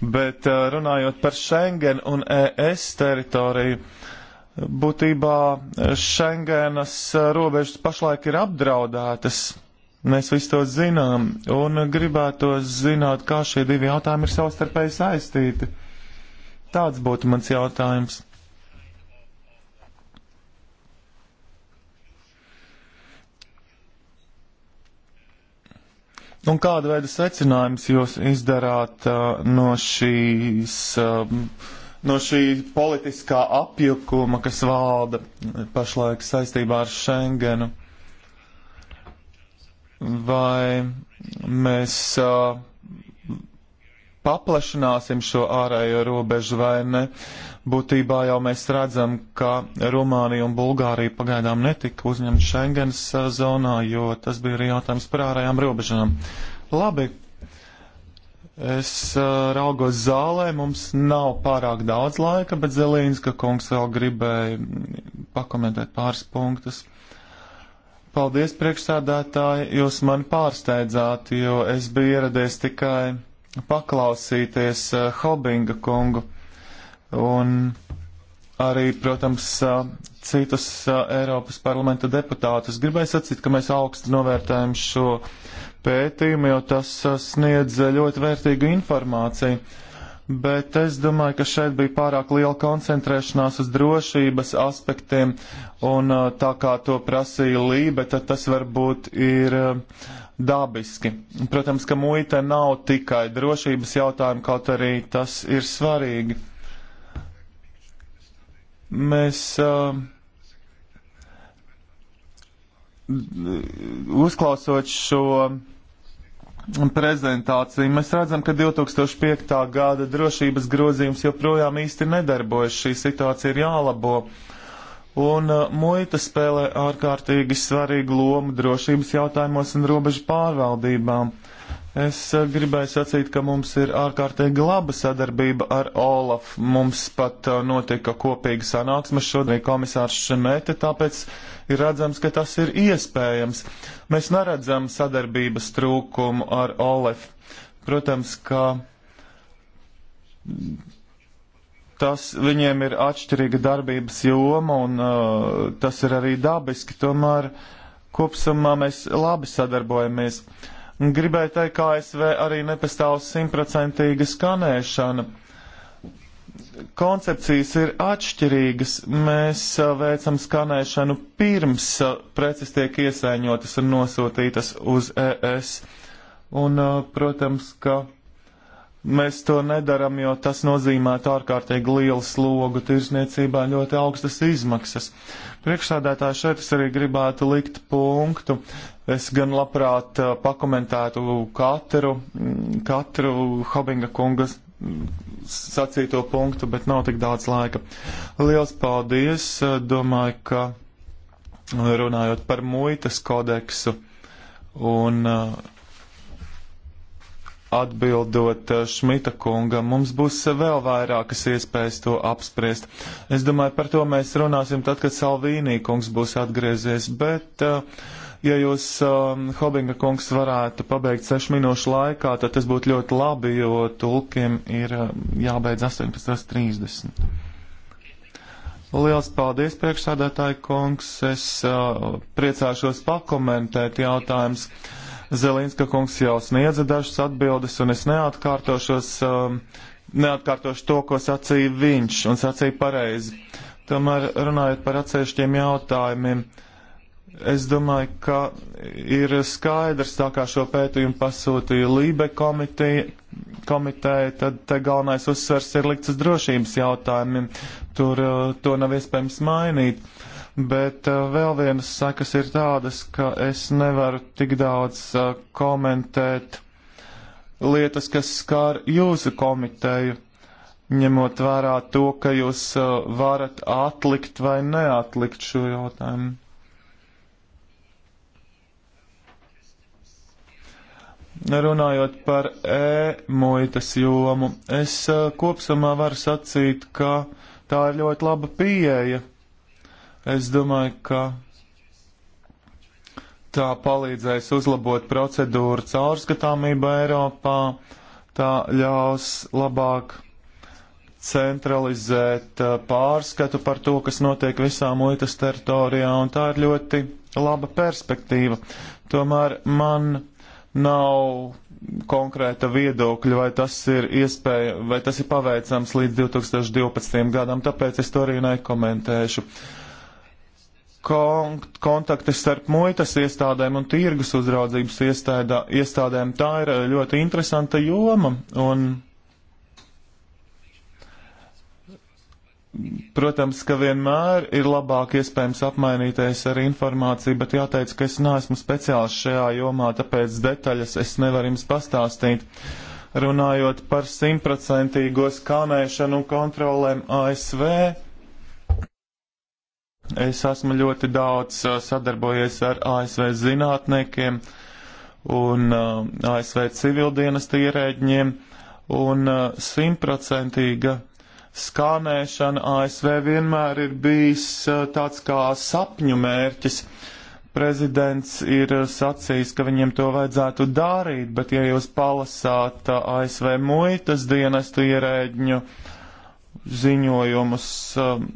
Bet eh, runājot par Schengen un ES teritoriju, būtībā eh, Schengenas eh, robežas pašlaik ir apdraudētas. Mēs visu to zinām un gribētos zināt, kā šie divi jautājumi ir savstarpēji saistīti. Tāds būtu mans jautājums. Un kādu veidu secinājumus jūs izdarāt uh, no šīs, uh, no šī politiskā apjukuma, kas valda pašlaik saistībā ar Schengenu? Vai mēs uh, paplašināsim šo ārējo robežu vai ne. Būtībā jau mēs redzam, ka Rumānija un Bulgārija pagaidām netika uzņemta Schengens eh, zonā, jo tas bija arī jautājums par ārējām robežām. Labi, es uh, raugos zālē, mums nav pārāk daudz laika, bet Zelīnska kungs vēl gribēja mm, pakomentēt pāris punktus. Paldies, priekšsādātāji, jūs mani pārsteidzāt, jo es biju ieradies tikai paklausīties Hobinga eh, kungu un arī, protams, eh, citus eh, Eiropas parlamenta deputātus. Gribēju sacīt, ka mēs augstu novērtējam šo pētījumu, jo tas sniedz ļoti vērtīgu informāciju. Bet es domāju, ka šeit bija pārāk liela koncentrēšanās uz drošības aspektiem, un tā kā to prasīja Lība, tad tas varbūt ir dabiski. Protams, ka muita nav tikai drošības jautājumi, kaut arī tas ir svarīgi. Mēs uh, uzklausot šo prezentāciju, mēs redzam, ka 2005. gada drošības grozījums joprojām īsti nedarbojas. Šī situācija ir jālabo. Uh, un uh, muita spēlē ārkārtīgi svarīgu lomu drošības jautājumos un robežu pārvaldībām. Es uh, gribēju sacīt, ka mums ir ārkārtīgi laba sadarbība ar Olaf. Mums pat uh, notika kopīga sanāksme šodien komisārs Šemete, tāpēc ir redzams, ka tas ir iespējams. Mēs neredzam sadarbības trūkumu ar Olaf. Protams, ka tas viņiem ir atšķirīga darbības joma, un uh, tas ir arī dabiski, tomēr kopsumā mēs labi sadarbojamies. Gribēju teikt, ka ASV arī nepastāv simtprocentīga skanēšana. Koncepcijas ir atšķirīgas. Mēs uh, veicam skanēšanu pirms uh, preces tiek iesaiņotas un nosūtītas uz ES. Un, uh, protams, ka Mēs to nedaram, jo tas nozīmē ārkārtīgi lielu slogu tirsniecībā, ļoti augstas izmaksas. Priekšsādētāji šeit es arī gribētu likt punktu. Es gan labprāt uh, pakomentētu katru, mm, katru Hobinga kungas mm, sacīto punktu, bet nav tik daudz laika. Liels paldies! Uh, domāju, ka runājot par muitas kodeksu un uh, Atbildot eh, Šmita kungam, mums būs eh, vēl vairākas iespējas to apspriest. Es domāju, par to mēs runāsim tad, kad Salvīnī kungs būs atgriezies, bet eh, ja jūs, Hobinga kungs, varētu pabeigt sešu minūšu laikā, tad tas būtu ļoti labi, jo tulkiem ir jābeidz 18.30. Liels paldies, priekšsādātāji kungs. Es uh, priecāšos pakomentēt jautājumus. Uh, Zelinska kungs jau sniedza dažas atbildes, un es neatkārtošos, um, neatkārtošu to, ko sacīja viņš, un sacīja pareizi. Tomēr runājot par atsevišķiem jautājumiem, es domāju, ka ir skaidrs, tā kā šo pētījumu pasūtīja Lībe komiteja, komiteja, tad te galvenais uzsvers ir likts uz drošības jautājumiem. Tur uh, to nav iespējams mainīt. Uh, Bet uh, vēl vienas sekas ir tādas, ka es nevaru tik daudz uh, komentēt lietas, kas skār jūsu komiteju, ņemot vērā to, ka jūs uh, varat atlikt vai neatlikt šo jautājumu. Runājot par e-muitas jomu, es kopsumā varu sacīt, ka tā ir ļoti laba pieeja Es domāju, ka tā palīdzēs uzlabot procedūru caurskatāmību Eiropā, tā ļaus labāk centralizēt uh, pārskatu par to, kas notiek visā muitas teritorijā, un tā ir ļoti laba perspektīva. Tomēr man nav konkrēta viedokļa, vai tas ir iespēja, vai tas ir paveicams līdz 2012. gadam, tāpēc es to arī nekomentēšu. Uh, kontakti starp muitas iestādēm un tirgus uzraudzības iestādā, iestādēm. Tā ir eh, ļoti interesanta joma. Un, protams, ka vienmēr ir labāk iespējams apmainīties ar informāciju, bet jāteic, ka es neesmu speciāls šajā jomā, tāpēc detaļas es nevaru jums pastāstīt. Runājot par simtprocentīgo skanēšanu un kontrolēm ASV, Es esmu ļoti daudz uh, sadarbojies ar ASV zinātniekiem un uh, ASV civildienas ierēģiem, un uh, simtprocentīga skānēšana ASV vienmēr ir bijis tāds kā sapņu mērķis. Prezidents ir sacījis, ka viņiem to vajadzētu darīt, bet ja jūs palasāt ASV muitas dienestu ierēģņu ziņojumus, um,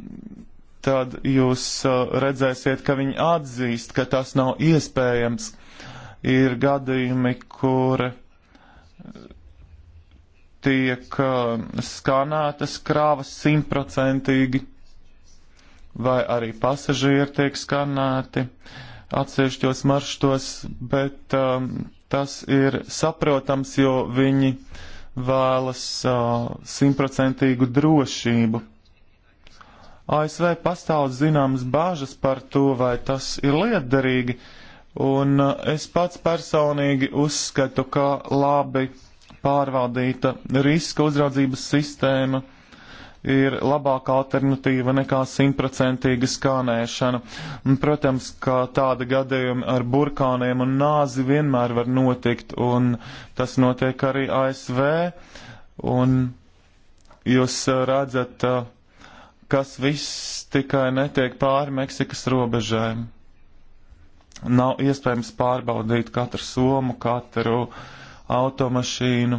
tad jūs uh, redzēsiet, ka viņi atzīst, ka tas nav iespējams. Ir gadījumi, kur tiek uh, skanētas krāvas simtprocentīgi, vai arī pasažieri tiek skanēti atsevišķos maršrutos, bet um, tas ir saprotams, jo viņi vēlas uh, simtprocentīgu uh, drošību. ASV pastāv zināmas bāžas par to, vai tas ir lietderīgi, un uh, es pats personīgi uzskatu, ka labi pārvaldīta riska uzraudzības sistēma ir labāka alternatīva nekā simtprocentīga skanēšana. Un, protams, ka tādi gadījumi ar burkāniem un nāzi vienmēr var notikt, un tas notiek arī ASV. Un jūs uh, redzat, uh, kas viss tikai netiek pāri Meksikas robežēm. Nav iespējams pārbaudīt katru somu, katru automašīnu,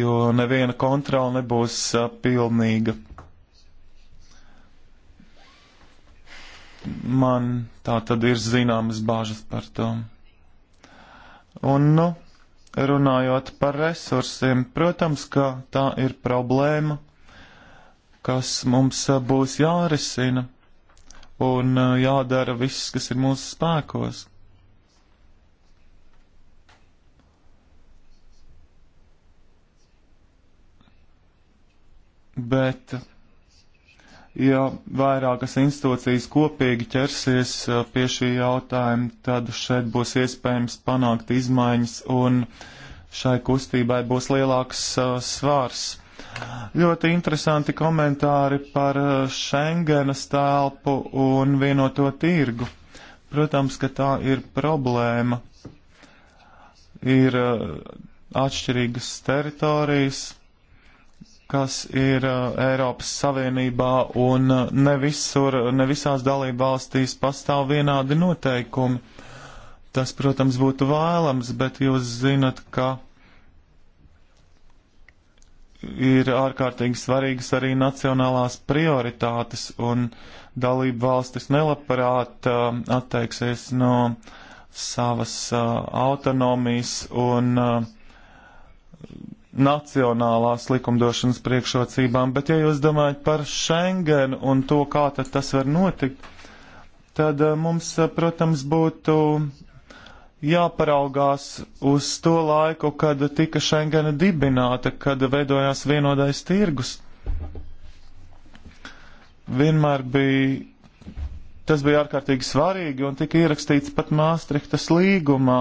jo neviena kontrola nebūs a, pilnīga. Man tā tad ir zināmas bāžas par to. Un, nu, runājot par resursiem, protams, ka tā ir problēma kas mums eh, būs jārisina un eh, jādara viss, kas ir mūsu spēkos. Bet, ja vairākas institūcijas kopīgi ķersies eh, pie šī jautājuma, tad šeit būs iespējams panākt izmaiņas un šai kustībai būs lielāks uh, svārs. Ļoti interesanti komentāri par uh, Schengenas telpu un vienoto tirgu. Protams, ka tā ir problēma. Ir uh, atšķirīgas teritorijas, kas ir uh, Eiropas Savienībā un ne visur, ne visās dalībvalstīs pastāv vienādi noteikumi. Tas, protams, būtu vēlams, bet jūs zinat, ka ir ārkārtīgi svarīgas arī nacionālās prioritātes, un dalību valstis nelabprāt uh, um, atteiksies no savas uh, autonomijas un uh, nacionālās likumdošanas priekšrocībām, bet ja jūs domājat par Schengen un to, kā tad tas var notikt, tad uh, mums, uh, protams, būtu jāparaugās uz to laiku, kad tika Schengena dibināta, kad veidojās vienotais tirgus. Vienmēr bija, tas bija ārkārtīgi svarīgi un tika ierakstīts pat Māstrihtas līgumā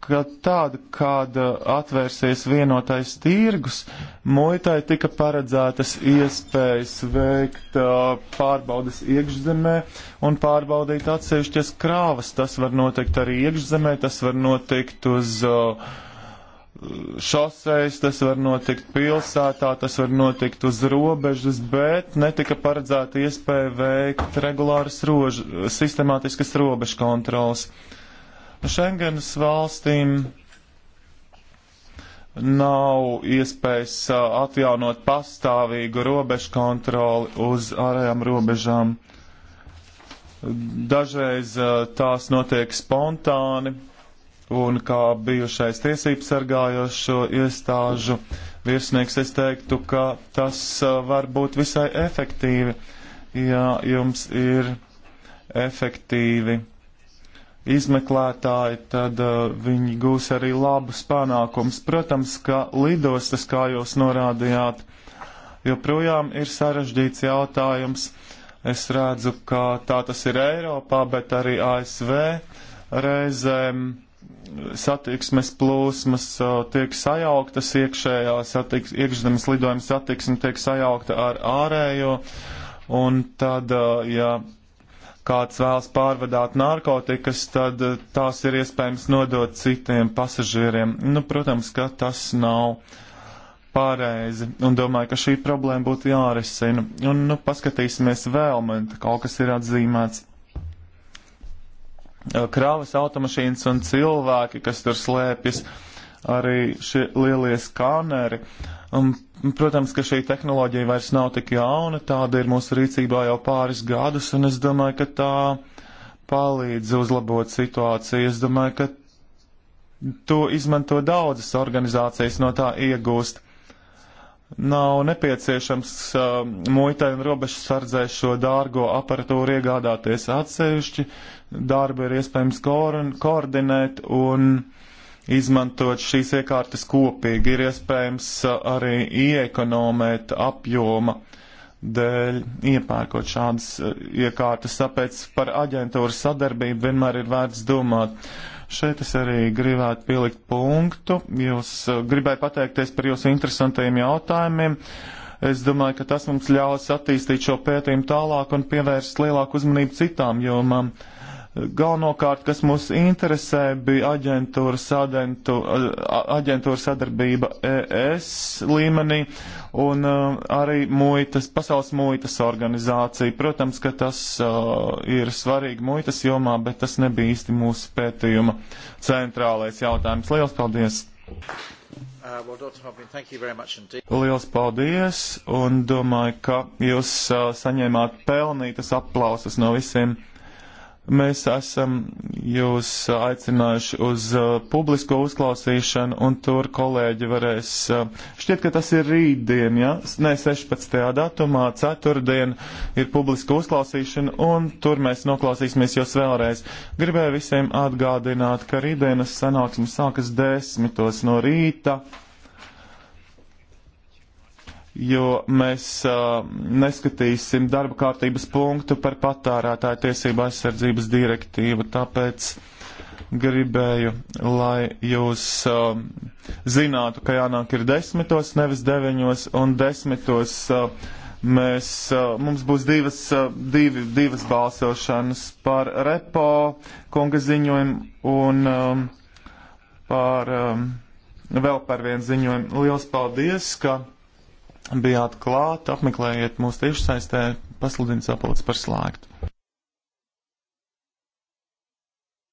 ka tāda, kāda uh, atvērsies vienotais tirgus, muitai tika paredzētas iespējas veikt uh, pārbaudas iekšzemē un pārbaudīt atsevišķas krāvas. Tas var notikt arī iekšzemē, tas var notikt uz uh, šoseis, tas var notikt pilsētā, tas var notikt uz robežas, bet netika paredzēta iespēja veikt regulāras rož sistemātiskas robežu kontrolas. Uh, Šengenas valstīm nav iespējas atjaunot pastāvīgu robežu kontroli uz ārējām robežām. Dažreiz tās notiek spontāni, un kā bijušais tiesības sargājošo iestāžu virsnieks, es teiktu, ka tas var būt visai efektīvi, ja jums ir efektīvi izmeklētāji, tad uh, viņi gūs arī labus panākums. Protams, ka lidostas, kā jūs norādījāt, joprojām ir sarežģīts jautājums. Es redzu, ka tā tas ir Eiropā, bet arī ASV reizēm satiksmes plūsmas uh, tiek sajauktas, iekšējā satiks, iekšzemes lidojuma satiksme tiek sajaukta ar ārējo, un tad, uh, ja kāds vēlas pārvadāt narkotikas, tad eh, tās ir iespējams nodot citiem pasažieriem. Nu, protams, ka tas nav pareizi, un domāju, ka šī problēma būtu jārisina. Un, nu, paskatīsimies vēl, man kaut kas ir atzīmēts. Eh, kravas automašīnas un cilvēki, kas tur slēpjas, arī šie lielie skaneri. Uh, Um, protams, ka šī tehnoloģija vairs nav tik jauna, tāda ir mūsu rīcībā jau pāris gadus, un es domāju, ka tā palīdz uzlabot situāciju. Es domāju, ka to izmanto daudzas organizācijas, no tā iegūst. Nav nepieciešams uh, muitai un robežu sardzē šo dārgo aparatūru iegādāties atsevišķi, darbu ir iespējams koordinēt un izmantot šīs iekārtas kopīgi. Ir iespējams uh, arī iekonomēt apjoma dēļ iepērkot šādas uh, iekārtas, tāpēc par aģentūru sadarbību vienmēr ir vērts domāt. Šeit es arī gribētu pielikt punktu. Jūs uh, gribēju pateikties par jūsu interesantajiem jautājumiem. Es domāju, ka tas mums ļaus attīstīt šo pētījumu tālāk un pievērst lielāku uzmanību citām jomām. Um, Galvenokārt, kas mūs interesē, bija aģentūras, adentu, aģentūras sadarbība ES līmenī un arī muitas, pasaules muitas organizācija. Protams, ka tas ir svarīgi muitas jomā, bet tas nebija īsti mūsu pētījuma centrālais jautājums. Lielas paldies! Uh, well, Lielas paldies, un domāju, ka jūs uh, saņēmāt pelnītas aplausas no visiem mēs esam jūs aicinājuši uz uh, publisko uzklausīšanu, un tur kolēģi varēs, uh, šķiet, ka tas ir rītdien, ja? Nē, 16. datumā, ceturtdien ir publiska uzklausīšana, un tur mēs noklausīsimies jūs vēlreiz. Gribēju visiem atgādināt, ka rītdienas sanāksme sākas 10. no rīta jo mēs uh, neskatīsim darba kārtības punktu par patārētāju tiesību aizsardzības direktīvu. Tāpēc gribēju, lai jūs uh, zinātu, ka jānāk ir desmitos, nevis deviņos un desmitos. Uh, Mēs, uh, mums būs divas, uh, divi, divas balsošanas par repo kunga ziņojumu un um, par, um, vēl par vienu ziņojumu. Liels paldies, ka bijāt klāt, apmeklējiet mūsu tiešsaistē, pasludinu sapulci par slēgtu.